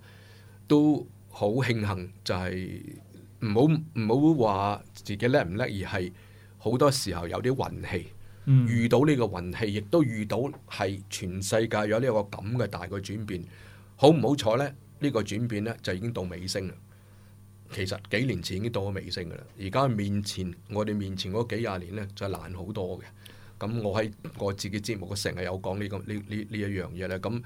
都。好慶幸就係唔好唔好話自己叻唔叻，而係好多時候有啲運氣，嗯、遇到呢個運氣，亦都遇到係全世界有呢個咁嘅大嘅轉變。好唔好彩呢？呢、呢個轉變呢，就已經到尾聲啦。其實幾年前已經到咗尾聲噶啦。而家面前我哋面前嗰幾廿年呢，就難好多嘅。咁我喺我自己節目嘅成日有講呢、呢個呢呢呢一樣嘢咧。咁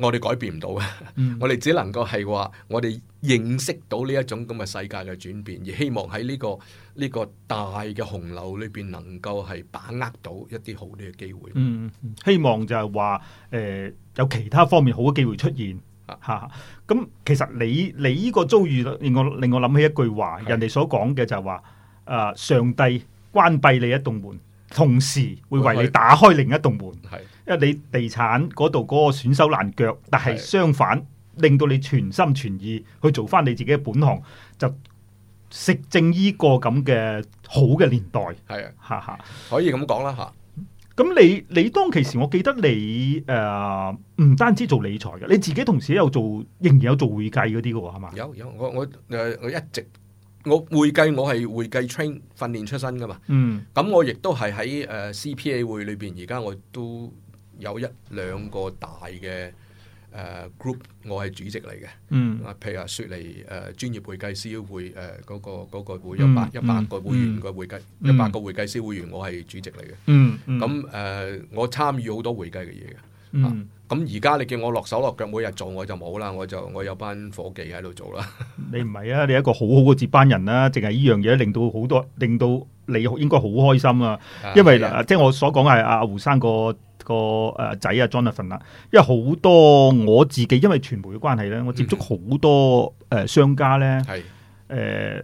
我哋改變唔到嘅，嗯、我哋只能夠係話，我哋認識到呢一種咁嘅世界嘅轉變，而希望喺呢個呢個大嘅洪流裏邊，能夠係把握到一啲好啲嘅機會。嗯，希望就係話，誒、呃、有其他方面好嘅機會出現嚇。咁、嗯、其實你你呢個遭遇令我令我諗起一句話，是人哋所講嘅就係話，誒、呃、上帝關閉你一棟門，同時會為你打開另一棟門。係。因為你地產嗰度嗰個損手爛腳，但係相反的令到你全心全意去做翻你自己嘅本行，就食正呢個咁嘅好嘅年代。係啊的，哈哈，可以咁講啦吓。咁你你當其時，我記得你誒唔單止做理財嘅，你自己同時又做，仍然有做會計嗰啲嘅係嘛？有有我我誒我一直我會計我係會計 train 訓練出身噶嘛。嗯，咁我亦都係喺誒 C P A 會裏邊，而家我都。有一兩個大嘅誒、呃、group，我係主席嚟嘅。嗯，譬如話，雪梨誒專業會計師會誒嗰、呃那個嗰、那個、會一百一百個會員個會計，嗯嗯、一百個會計師會員，我係主席嚟嘅。嗯，咁誒、嗯嗯嗯，我參與好多會計嘅嘢嘅。咁而家你叫我落手落腳每日做我就冇啦，我就我有班伙計喺度做啦。 你唔係啊？你一個好好嘅接班人啦，啊！淨係呢樣嘢令到好多，令到你應該好開心啊！因為即係我所講係阿胡生個。嗯個誒仔啊，Jonathan 啊，因為好多我自己因為傳媒嘅關係咧，我接觸好多誒商家咧，係誒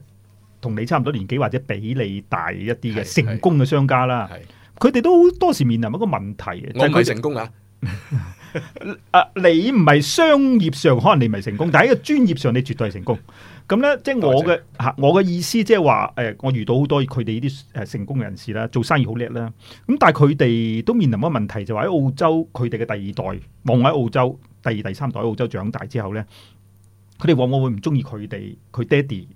同你差唔多年紀或者比你大一啲嘅成功嘅商家啦，係佢哋都好多時面臨一個問題嘅，是就係佢成功啊，啊 你唔係商業上可能你唔係成功，但係喺個專業上你絕對係成功。咁咧，即係我嘅嚇，謝我嘅意思即係話，誒、呃，我遇到好多佢哋呢啲誒成功人士啦，做生意好叻啦。咁但係佢哋都面臨一個問題，就係、是、喺澳洲，佢哋嘅第二代望喺澳洲第二第三代喺澳洲長大之後咧，佢哋往往會唔中意佢哋佢爹哋，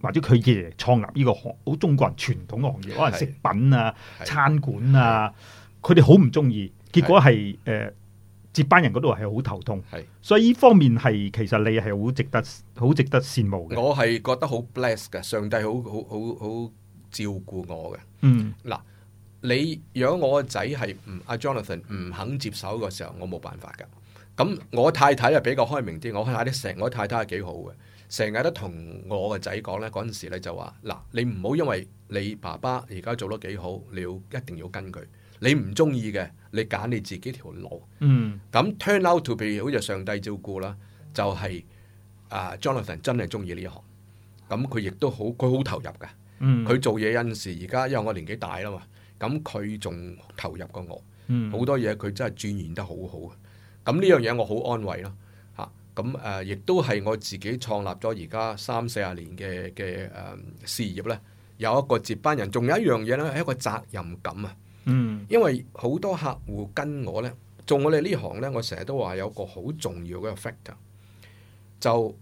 或者佢爺創立呢個好中國人傳統嘅行業，嗯、可能食品啊、的餐館啊，佢哋好唔中意，結果係誒。接班人嗰度係好頭痛，係是，所以呢方面係其實你係好值得好值得羨慕嘅。我係覺得好 bless 嘅，上帝好好好好照顧我嘅。嗯，嗱，你如果我個仔係唔阿 Jonathan 唔肯接手嘅時候，我冇辦法㗎。咁我太太係比較開明啲，我太太成我太太係幾好嘅，成日都同我個仔講咧，嗰陣時咧就話：嗱，你唔好因為你爸爸而家做得幾好，你要一定要跟佢。你唔中意嘅，你揀你自己條路。嗯。咁 turn out to be 好似上帝照顧啦，就係、是、啊、uh, Jonathan 真係中意呢行，咁佢亦都好佢好投入噶。佢、嗯、做嘢有陣時，而家因為我年紀大啦嘛，咁佢仲投入過我。嗯、多好多嘢佢真係鑽研得好好啊！咁呢樣嘢我好安慰咯嚇。咁誒，亦都係我自己創立咗而家三四十年嘅嘅誒事業咧，有一個接班人。仲有一樣嘢咧，係一個責任感啊！嗯，因為好多客戶跟我呢，做我哋呢行呢，我成日都話有個好重要嘅 factor 就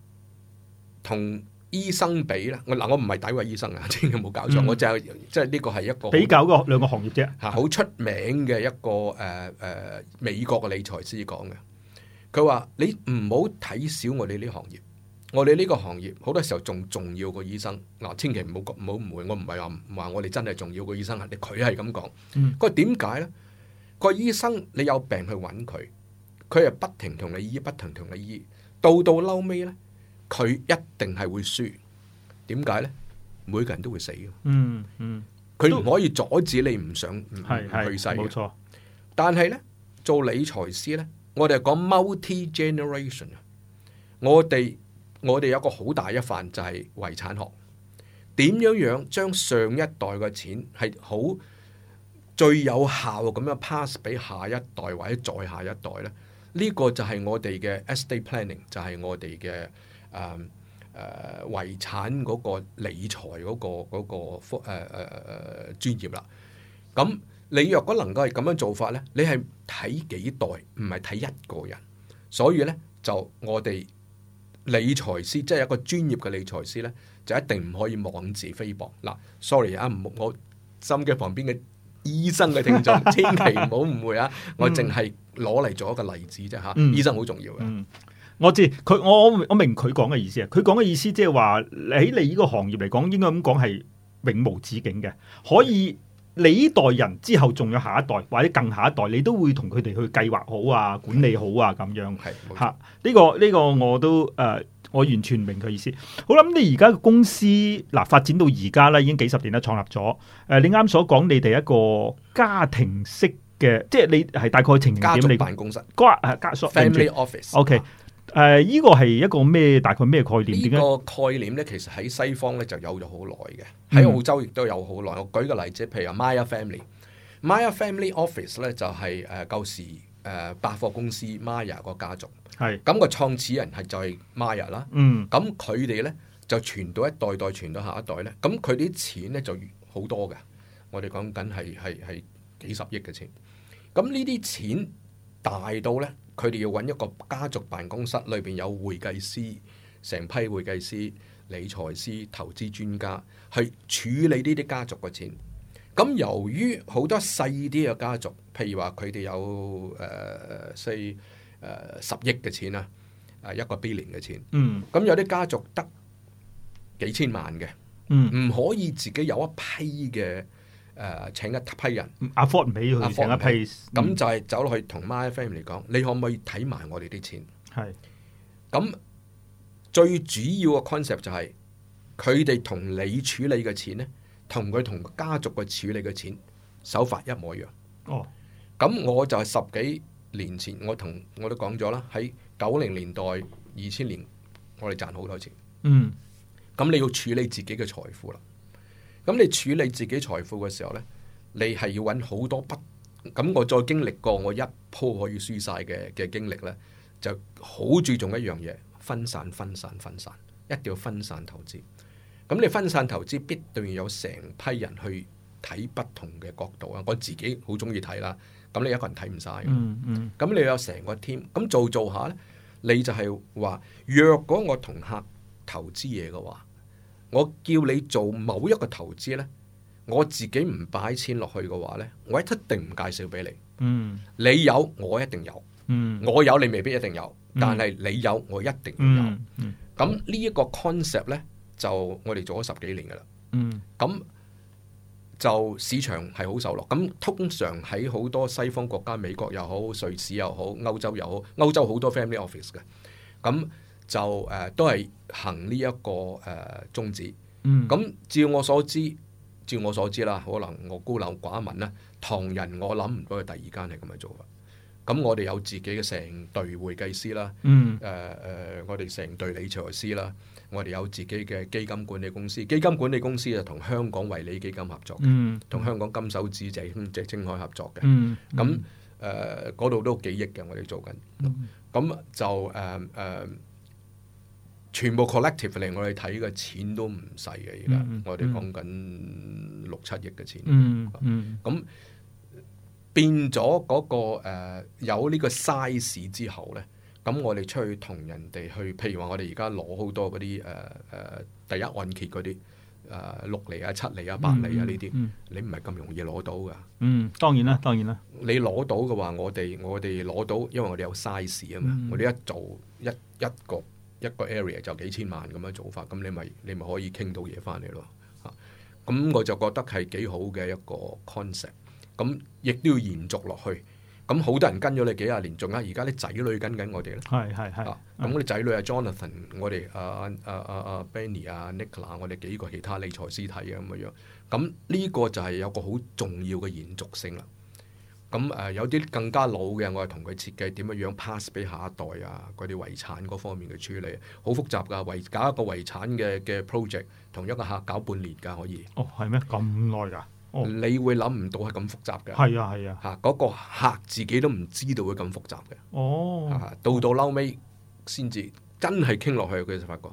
同醫生比啦。我嗱，我唔係詆毀醫生啊，真有冇搞錯。嗯、我就係即係呢個係一個比較個兩個行業啫。好、啊、出名嘅一個誒誒、呃，美國嘅理財師講嘅，佢話你唔好睇小我哋呢行業。我哋呢個行業好多時候仲重要過醫生嗱，啊，千祈唔好唔好誤會，我唔係話話我哋真係重要過醫生啊。你佢係咁講，佢點解呢？個醫生你有病去揾佢，佢係不停同你醫，不停同你醫，到到嬲尾呢，佢一定係會輸。點解呢？每個人都會死嘅，嗯。嗯，佢唔可以阻止你唔想去世冇錯。但係呢，做理財師呢，我哋講 multi generation 啊，我哋。我哋有個好大一範就係、是、遺產學，點樣樣將上一代嘅錢係好最有效咁樣 pass 俾下一代或者再下一代呢？呢、這個就係我哋嘅 estate planning，就係我哋嘅誒誒遺產嗰個理財嗰、那個嗰、那個科誒誒專業啦。咁你若果能夠係咁樣做法呢，你係睇幾代，唔係睇一個人，所以呢，就我哋。理財師即係一個專業嘅理財師呢，就一定唔可以妄自菲薄。嗱，sorry 啊，我心嘅旁邊嘅醫生嘅聽眾，千祈唔好誤會啊！ 我淨係攞嚟做一個例子啫嚇， 嗯、醫生好重要嘅、嗯。我知佢，我我明佢講嘅意思啊。佢講嘅意思即係話喺你呢個行業嚟講，應該咁講係永無止境嘅，可以。你呢代人之後仲有下一代或者更下一代，你都會同佢哋去計劃好啊、管理好啊咁樣。係吓呢個呢、呢個我都誒、呃，我完全唔明佢意思。好啦，咁你而家嘅公司嗱、啊、發展到而家咧，已經幾十年啦，創立咗。誒，你啱所講，你哋一個家庭式嘅，即係你係大概情形點？你辦公室、啊、家屬，family office。O K。誒，呢、呃這個係一個咩？大概咩概念？呢個概念呢，其實喺西方呢就有咗好耐嘅，喺、嗯、澳洲亦都有好耐。我舉個例子，譬如阿 Myer Family，Myer Family Office 呢，就係誒舊時誒百貨公司 Myer 個家族，係咁個創始人係就係 Myer 啦，嗯，咁佢哋呢，就傳到一代代，傳到下一代呢。咁佢啲錢呢，就好多嘅。我哋講緊係係幾十億嘅錢，咁呢啲錢大到呢。佢哋要揾一個家族辦公室，裏邊有會計師，成批會計師、理財師、投資專家，去處理呢啲家族嘅錢。咁由於好多細啲嘅家族，譬如話佢哋有誒四誒十億嘅錢啦，誒一個 billion 嘅錢。嗯、uh。咁、mm. 有啲家族得幾千萬嘅，唔、mm. 可以自己有一批嘅。誒、呃、請一批人，Afford 俾佢請一批，咁就係走落去同 my family 嚟講，嗯、你可唔可以睇埋我哋啲錢？係是，咁最主要嘅 concept 就係佢哋同你處理嘅錢呢，同佢同家族嘅處理嘅錢手法一模一樣。哦，咁我就係十幾年前，我同我都講咗啦，喺九零年代、二千年，我哋賺好多錢。嗯，咁你要處理自己嘅財富啦。咁你處理自己財富嘅時候呢，你係要揾好多筆，咁我再經歷過我一鋪可以輸晒嘅嘅經歷呢，就好注重一樣嘢，分散分散分散，一定要分散投資。咁你分散投資必定要有成批人去睇不同嘅角度啊！我自己好中意睇啦，咁你一個人睇唔晒，嗯，咁你有成個 team，咁做做下呢，你就係話，若果我同客投資嘢嘅話。我叫你做某一個投資呢，我自己唔擺錢落去嘅話呢，我一定唔介紹俾你。嗯，mm. 你有我一定有，嗯，mm. 我有你未必一定有，mm. 但係你有我一定要有。咁呢一個 concept 呢，就我哋做咗十幾年噶啦。嗯、mm.，咁就市場係好受落。咁通常喺好多西方國家，美國又好，瑞士又好，歐洲又好，歐洲好多 family office 嘅。咁就誒、啊、都係行呢一個誒宗旨，咁照我所知，照我所知啦，可能我孤陋寡聞啦。唐人我諗唔到佢第二間係咁嘅做法。咁我哋有自己嘅成隊會計師啦，誒誒、mm. 啊，我哋成隊理財師啦，我哋有自己嘅基金管理公司，基金管理公司就同香港維理基金合作，同、mm. 香港金手指就係即係清海合作嘅。咁誒嗰度都幾億嘅，我哋做緊。咁就誒誒。全部 collectively 我哋睇嘅錢都唔細嘅，而、hmm. 家我哋講緊六七億嘅錢、mm。嗯、hmm. 嗯、啊，咁變咗嗰、那個、呃、有呢個 size 之後咧，咁我哋出去同人哋去，譬如話我哋而家攞好多嗰啲誒誒第一按揭嗰啲誒六厘、啊、七厘、啊、八厘啊呢啲、mm hmm.，你唔係咁容易攞到噶。嗯、mm hmm.，當然啦，當然啦。你攞到嘅話，我哋我哋攞到，因為我哋有 size 啊嘛，mm hmm. 我哋一做一一個。一個 area 就幾千萬咁樣做法，咁你咪你咪可以傾到嘢翻嚟咯嚇。咁、啊、我就覺得係幾好嘅一個 concept、啊。咁亦都要延續落去。咁、啊、好多人跟咗你幾廿年，仲有而家啲仔女跟緊我哋咧。係係係。咁、啊嗯、我啲仔女啊 Jonathan，我哋啊啊啊啊 Benny 啊 Nikla，我哋幾個其他理財師睇啊咁嘅樣。咁、啊、呢個就係有個好重要嘅延續性啦。咁誒、嗯、有啲更加老嘅，我係同佢設計點樣樣 pass 俾下一代啊，嗰啲遺產嗰方面嘅處理，好複雜噶，遺搞一個遺產嘅嘅 project，同一個客搞半年噶可以。哦，係咩？咁耐㗎？哦、你會諗唔到係咁複雜嘅。係啊係啊，嚇嗰、啊啊嗰個客自己都唔知道會咁複雜嘅。哦、啊，到到嬲尾先至真係傾落去，佢就發覺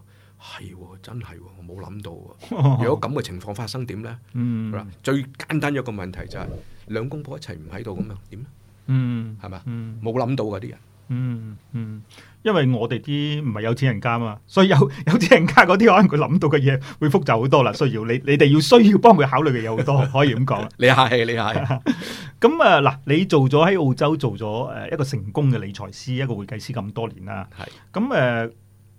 係喎、啊，真係喎、啊，我冇諗到、啊哦、如果咁嘅情況發生點咧？嗱、嗯，最簡單一個問題就係、是。兩公婆一齊唔喺度咁樣，點？嗯，係嘛吧？嗯，冇諗到嗰啲人，嗯嗯，因為我哋啲唔係有錢人家嘛，所以有有錢人家嗰啲可能佢諗到嘅嘢會複雜好多啦， 要需要你你哋要需要幫佢考慮嘅嘢好多，可以咁講 你客氣，你客氣。咁啊嗱，你做咗喺澳洲做咗誒一個成功嘅理財師，一個會計師咁多年啦，係的。咁誒。啊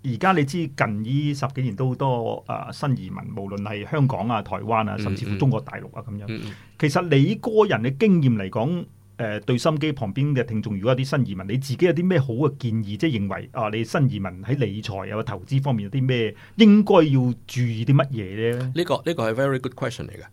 而家你知近呢十幾年都好多啊新移民，無論係香港啊、台灣啊，甚至乎中國大陸啊咁樣。嗯嗯嗯、其實你個人嘅經驗嚟講，誒、呃、對心機旁邊嘅聽眾，如果有啲新移民，你自己有啲咩好嘅建議，即係認為啊，你新移民喺理財又投資方面有啲咩應該要注意啲乜嘢咧？呢、呢個呢、呢個係 very good question 嚟嘅，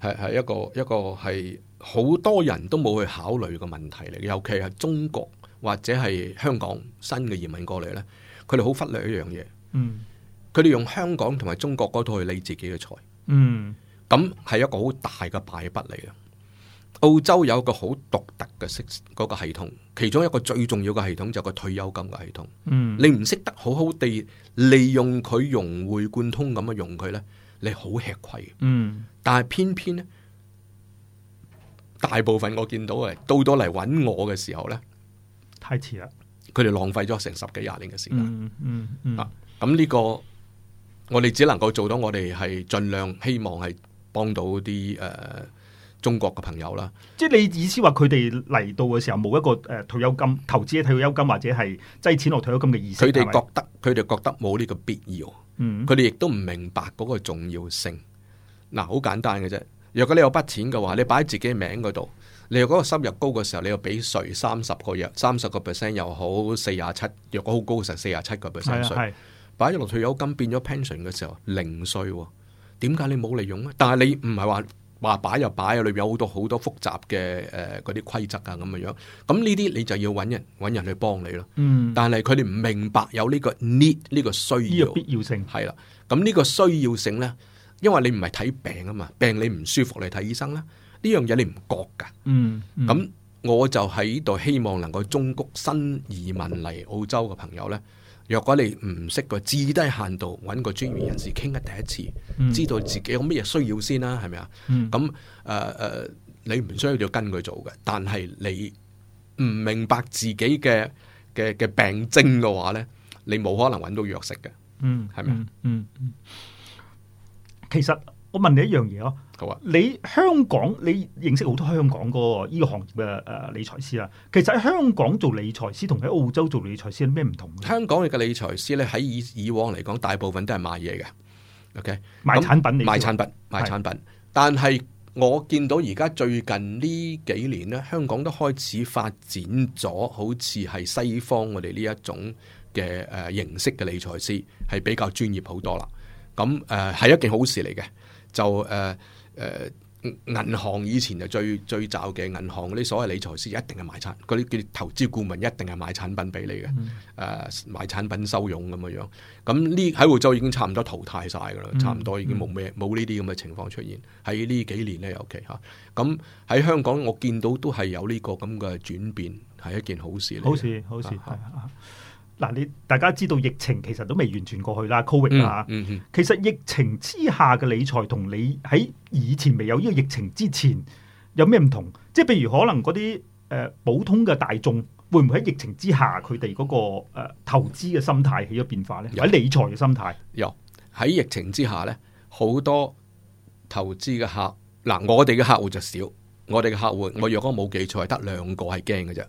係係一個一個係好多人都冇去考慮嘅問題嚟嘅，尤其係中國或者係香港新嘅移民過嚟咧。佢哋好忽略一樣嘢，嗯，佢哋用香港同埋中國嗰套嚟理自己嘅財，嗯，咁係一個好大嘅敗筆嚟嘅。澳洲有一個好獨特嘅識個系統，其中一個最重要嘅系統就係個退休金嘅系統，嗯，你唔識得好好地利用佢融會貫通咁樣用佢呢，你好吃虧，嗯，但係偏偏呢，大部分我見到嘅到到嚟揾我嘅時候呢，太遲啦。佢哋浪費咗成十幾廿年嘅時間，嗯嗯嗯、啊！咁呢個我哋只能夠做到，我哋係盡量希望係幫到啲誒、呃、中國嘅朋友啦。即係你意思話，佢哋嚟到嘅時候冇一個誒退休金，投資嘅退休金，或者係擠錢落退休金嘅意思。佢哋覺得，佢哋，嗯、覺得冇呢個必要。佢哋亦都唔明白嗰個重要性。嗱、啊，好簡單嘅啫。若果你有筆錢嘅話，你擺喺自己名嗰度。你如果個收入高嘅時候，你又俾稅三十個月，三十個 percent 又好，四十七，若果好高嘅時候，四十七個 percent 稅，擺咗落退休金變咗 pension 嘅時候零稅喎，點解你冇利用啊？但係你唔係話話擺又擺啊，裏邊有好多好多複雜嘅誒嗰啲規則啊咁嘅樣，咁呢啲你就要揾人揾人去幫你囉。嗯、但係佢哋唔明白有呢個 need 呢個需要必要性係啦。咁呢個需要性咧，因為你唔係睇病啊嘛，病你唔舒服你睇醫生呢。呢樣嘢你唔覺噶，咁、嗯嗯、我就喺度希望能夠中谷新移民嚟澳洲嘅朋友呢，若果你唔識嘅，至低限度揾個專業人士傾下第一次，嗯、知道自己有咩嘢需要先啦，係咪啊？咁，誒誒，你唔需要就跟佢做嘅，但係你唔明白自己嘅嘅嘅病徵嘅話呢，你冇可能揾到藥食嘅，係咪啊？嗯、嗯、嗯，其實我問你一樣嘢咯。你香港你認識好多香港個呢個行業嘅誒理財師啦，其實喺香港做理財師同喺澳洲做理財師有咩唔同？香港嘅理財師咧，喺以以往嚟講，大部分都係賣嘢嘅，OK，賣產品，賣產品，賣產品。但係我見到而家最近呢幾年咧，香港都開始發展咗，好似係西方我哋呢一種嘅誒、呃、形式嘅理財師係比較專業好多啦。咁誒係一件好事嚟嘅，就誒。呃誒、呃、銀行以前就最最早嘅銀行嗰啲所謂理財師一定係賣產，嗰啲叫投資顧問一定係賣產品俾你嘅，誒賣、嗯呃、產品收傭咁嘅樣。咁呢喺澳洲已經差唔多淘汰晒㗎啦，嗯、差唔多已經冇咩冇呢啲咁嘅情況出現。喺呢幾年咧尤其嚇，咁、okay, 喺、啊、香港我見到都係有呢個咁嘅轉變，係一件好事嚟、嗯。好事好事係嗱，你大家知道疫情其實都未完全過去啦，Covid 啊，嗯嗯嗯、其實疫情之下嘅理財同你喺以前未有呢個疫情之前有咩唔同？即係譬如可能嗰啲誒普通嘅大眾會唔會喺疫情之下佢哋嗰個、呃、投資嘅心態起咗變化咧？有，喺理財嘅心態有喺疫情之下呢，好多投資嘅客嗱，我哋嘅客戶就少，我哋嘅客戶，我若果冇記錯係得兩個係驚嘅啫。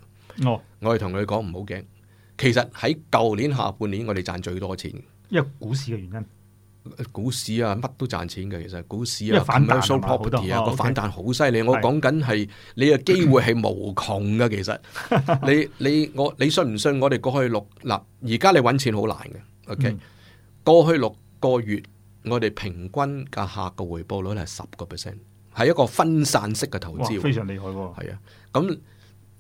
哦、我我係同佢講唔好驚。其實喺舊年下半年，我哋賺最多錢、啊，因為股市嘅原因，股市啊乜都賺錢嘅。其實股市啊，咁個反彈好犀利。我講緊係你嘅機會係無窮㗎。其實 你你我你信唔信？我哋過去六、嗱而家你搵錢好難嘅。OK，、嗯、過去六個月我哋平均嘅下個回報率係十個 percent，係一個分散式嘅投資，非常厲害。係啊，咁、啊、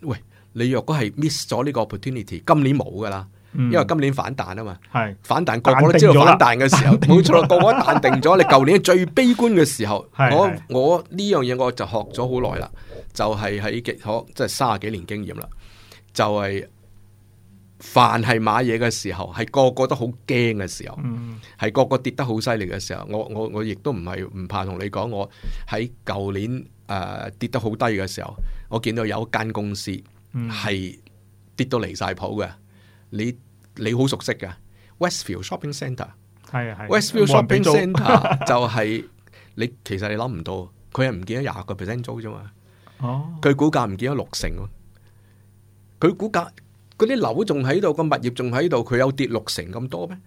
喂。你若果係 miss 咗呢個 opportunity，今年冇噶啦，嗯、因為今年反彈啊嘛，的反彈，個個都知道反彈嘅時候，冇錯啦，個個都淡定咗。 你舊年最悲觀嘅時候，我我呢樣嘢我就學咗好耐啦，就係喺極可即係卅幾年經驗啦，就係凡係買嘢嘅時候，係個個都好驚嘅時候，係個個跌得好犀利嘅時候，我我我亦都唔係唔怕同你講，我喺舊年誒跌得好低嘅時候，我見到有一間公司。嗯，係跌到離晒譜嘅，你你好熟悉嘅 Westfield Shopping Centre。係啊係，Westfield Shopping Centre 就係、是、你其實你諗唔到，佢係唔見咗廿個 percent 租啫嘛，哦，佢股價唔見咗六成，佢股價嗰啲樓仲喺度，個物業仲喺度，佢有跌六成咁多咩？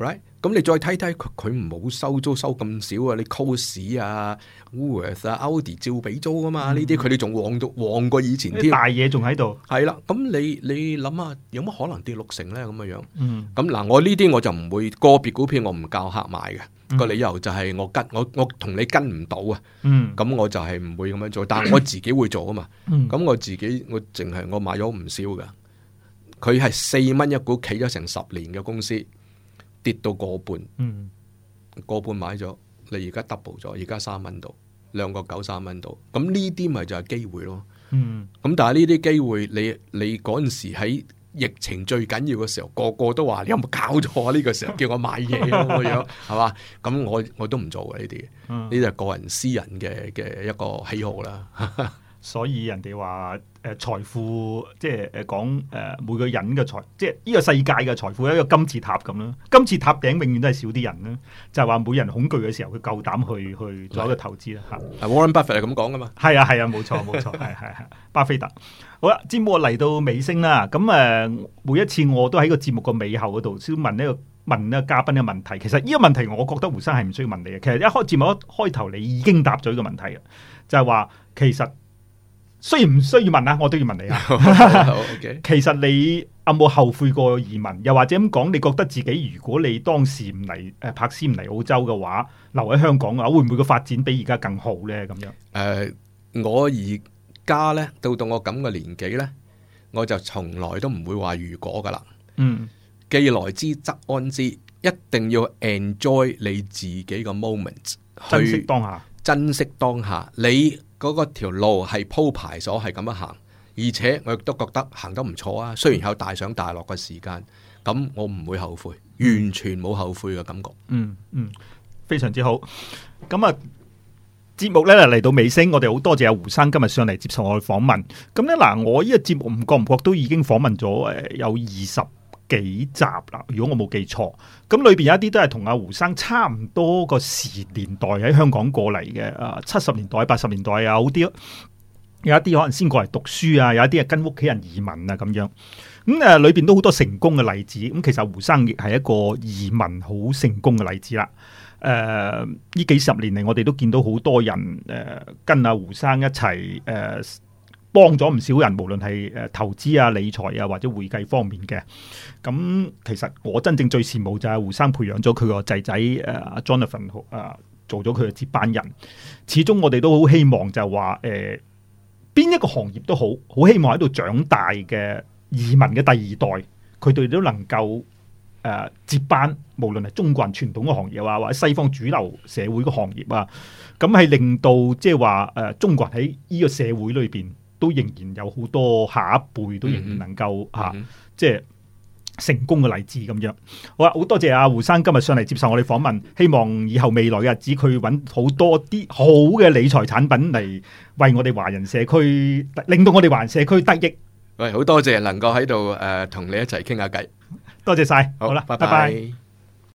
咁、right? 你再睇睇佢，佢唔好收租收咁少啊？你 Coles 啊、Woolworths 啊、Aldi 照俾租噶嘛？呢啲佢哋仲旺到旺過以前添，大嘢仲喺度。係啦，咁你你諗下，有乜可能跌六成咧？咁嘅樣，咁嗱、嗯，我呢啲我就唔會個別股票，我唔教客買嘅、嗯、個理由就係我跟我我同你跟唔到啊。咁、嗯、我就係唔會咁樣做，但係我自己會做啊嘛。咁、嗯嗯、我自己我淨係我買咗唔少噶，佢係四蚊一股企咗成十年嘅公司。跌到個半，個、嗯、半買咗，你而家 double 咗，而家三蚊度，兩個九三蚊度，咁呢啲咪就係機會咯。咁、嗯、但係呢啲機會，你你嗰陣時喺疫情最緊要嘅時候，個個都話：你有冇搞錯啊？呢、呢個時候叫我買嘢，係嘛？ 咁我我都唔做嘅呢啲，呢啲係個人私人嘅嘅一個喜好啦。 所以人哋話誒財富即係誒講誒每個人嘅財即係呢個世界嘅財富一個金字塔咁啦，金字塔頂永遠都係少啲人啦，就係話每人恐懼嘅時候佢夠膽去去做一個投資啦吓。阿沃倫巴菲特係咁講噶嘛？係啊係啊，冇錯冇錯，係系係巴菲特。好啦，節目嚟到尾聲啦，咁誒每一次我都喺個節目嘅尾後嗰度先問呢個問呢個嘉賓嘅問題。其實呢個問題我覺得胡生係唔需要問你嘅。其實一開節目一開頭你已經答咗呢個問題嘅，就係話其實。需唔需要問啊，我都要問你啊。 其實你有冇後悔過移民？又或者咁講，你覺得自己如果你當時唔嚟誒，柏斯唔嚟澳洲嘅話，留喺香港啊，會唔會個發展比而家更好呢？咁樣誒，我而家呢，到到我咁嘅年紀呢，我就從來都唔會話如果噶啦。嗯，既來之則安之，一定要 enjoy 你自己嘅 moment，珍惜當下，珍惜當下，你。嗰條路係鋪排咗係咁樣行，而且我亦都覺得行得唔錯啊！雖然有大上大落嘅時間，咁我唔會後悔，完全冇後悔嘅感覺。嗯嗯，非常之好。咁啊，節目呢嚟到尾聲，我哋好多謝阿胡生今日上嚟接受我嘅訪問。咁呢，嗱，我呢個節目唔覺唔覺都已經訪問咗誒有二十幾集啦，如果我冇記錯，咁裏邊有一啲都係同阿胡生差唔多個時年代喺香港過嚟嘅，誒七十年代、八十年代啊，有啲，有一啲可能先過嚟讀書啊，有一啲係跟屋企人移民啊咁樣，咁、嗯、誒、呃、裏邊都好多成功嘅例子，咁、嗯、其實胡生亦係一個移民好成功嘅例子啦。誒、呃，呢幾十年嚟，我哋都見到好多人誒、呃、跟阿胡生一齊誒。呃幫咗唔少人，無論係誒投資啊、理財啊或者會計方面嘅，咁其實我真正最羨慕就係胡生培養咗佢個仔仔誒，Jonathan 啊，做咗佢嘅接班人。始終我哋都好希望就係話誒，邊、呃、一個行業都好，好希望喺度長大嘅移民嘅第二代，佢哋都能夠誒、呃、接班。無論係中國人傳統嘅行業啊，或者西方主流社會嘅行業啊，咁係令到即係話誒，中國人喺呢個社會裏邊。都仍然有好多下一輩都仍然能夠吓，即係、嗯哼啊即係、成功嘅例子咁樣。好啦，好多謝阿、啊、胡生今日上嚟接受我哋訪問，希望以後未來嘅日子佢揾好多啲好嘅理財產品嚟為我哋華人社區，令到我哋華人社區得益。喂，好多謝能夠喺度誒同你一齊傾下偈，多謝晒。好啦，拜拜。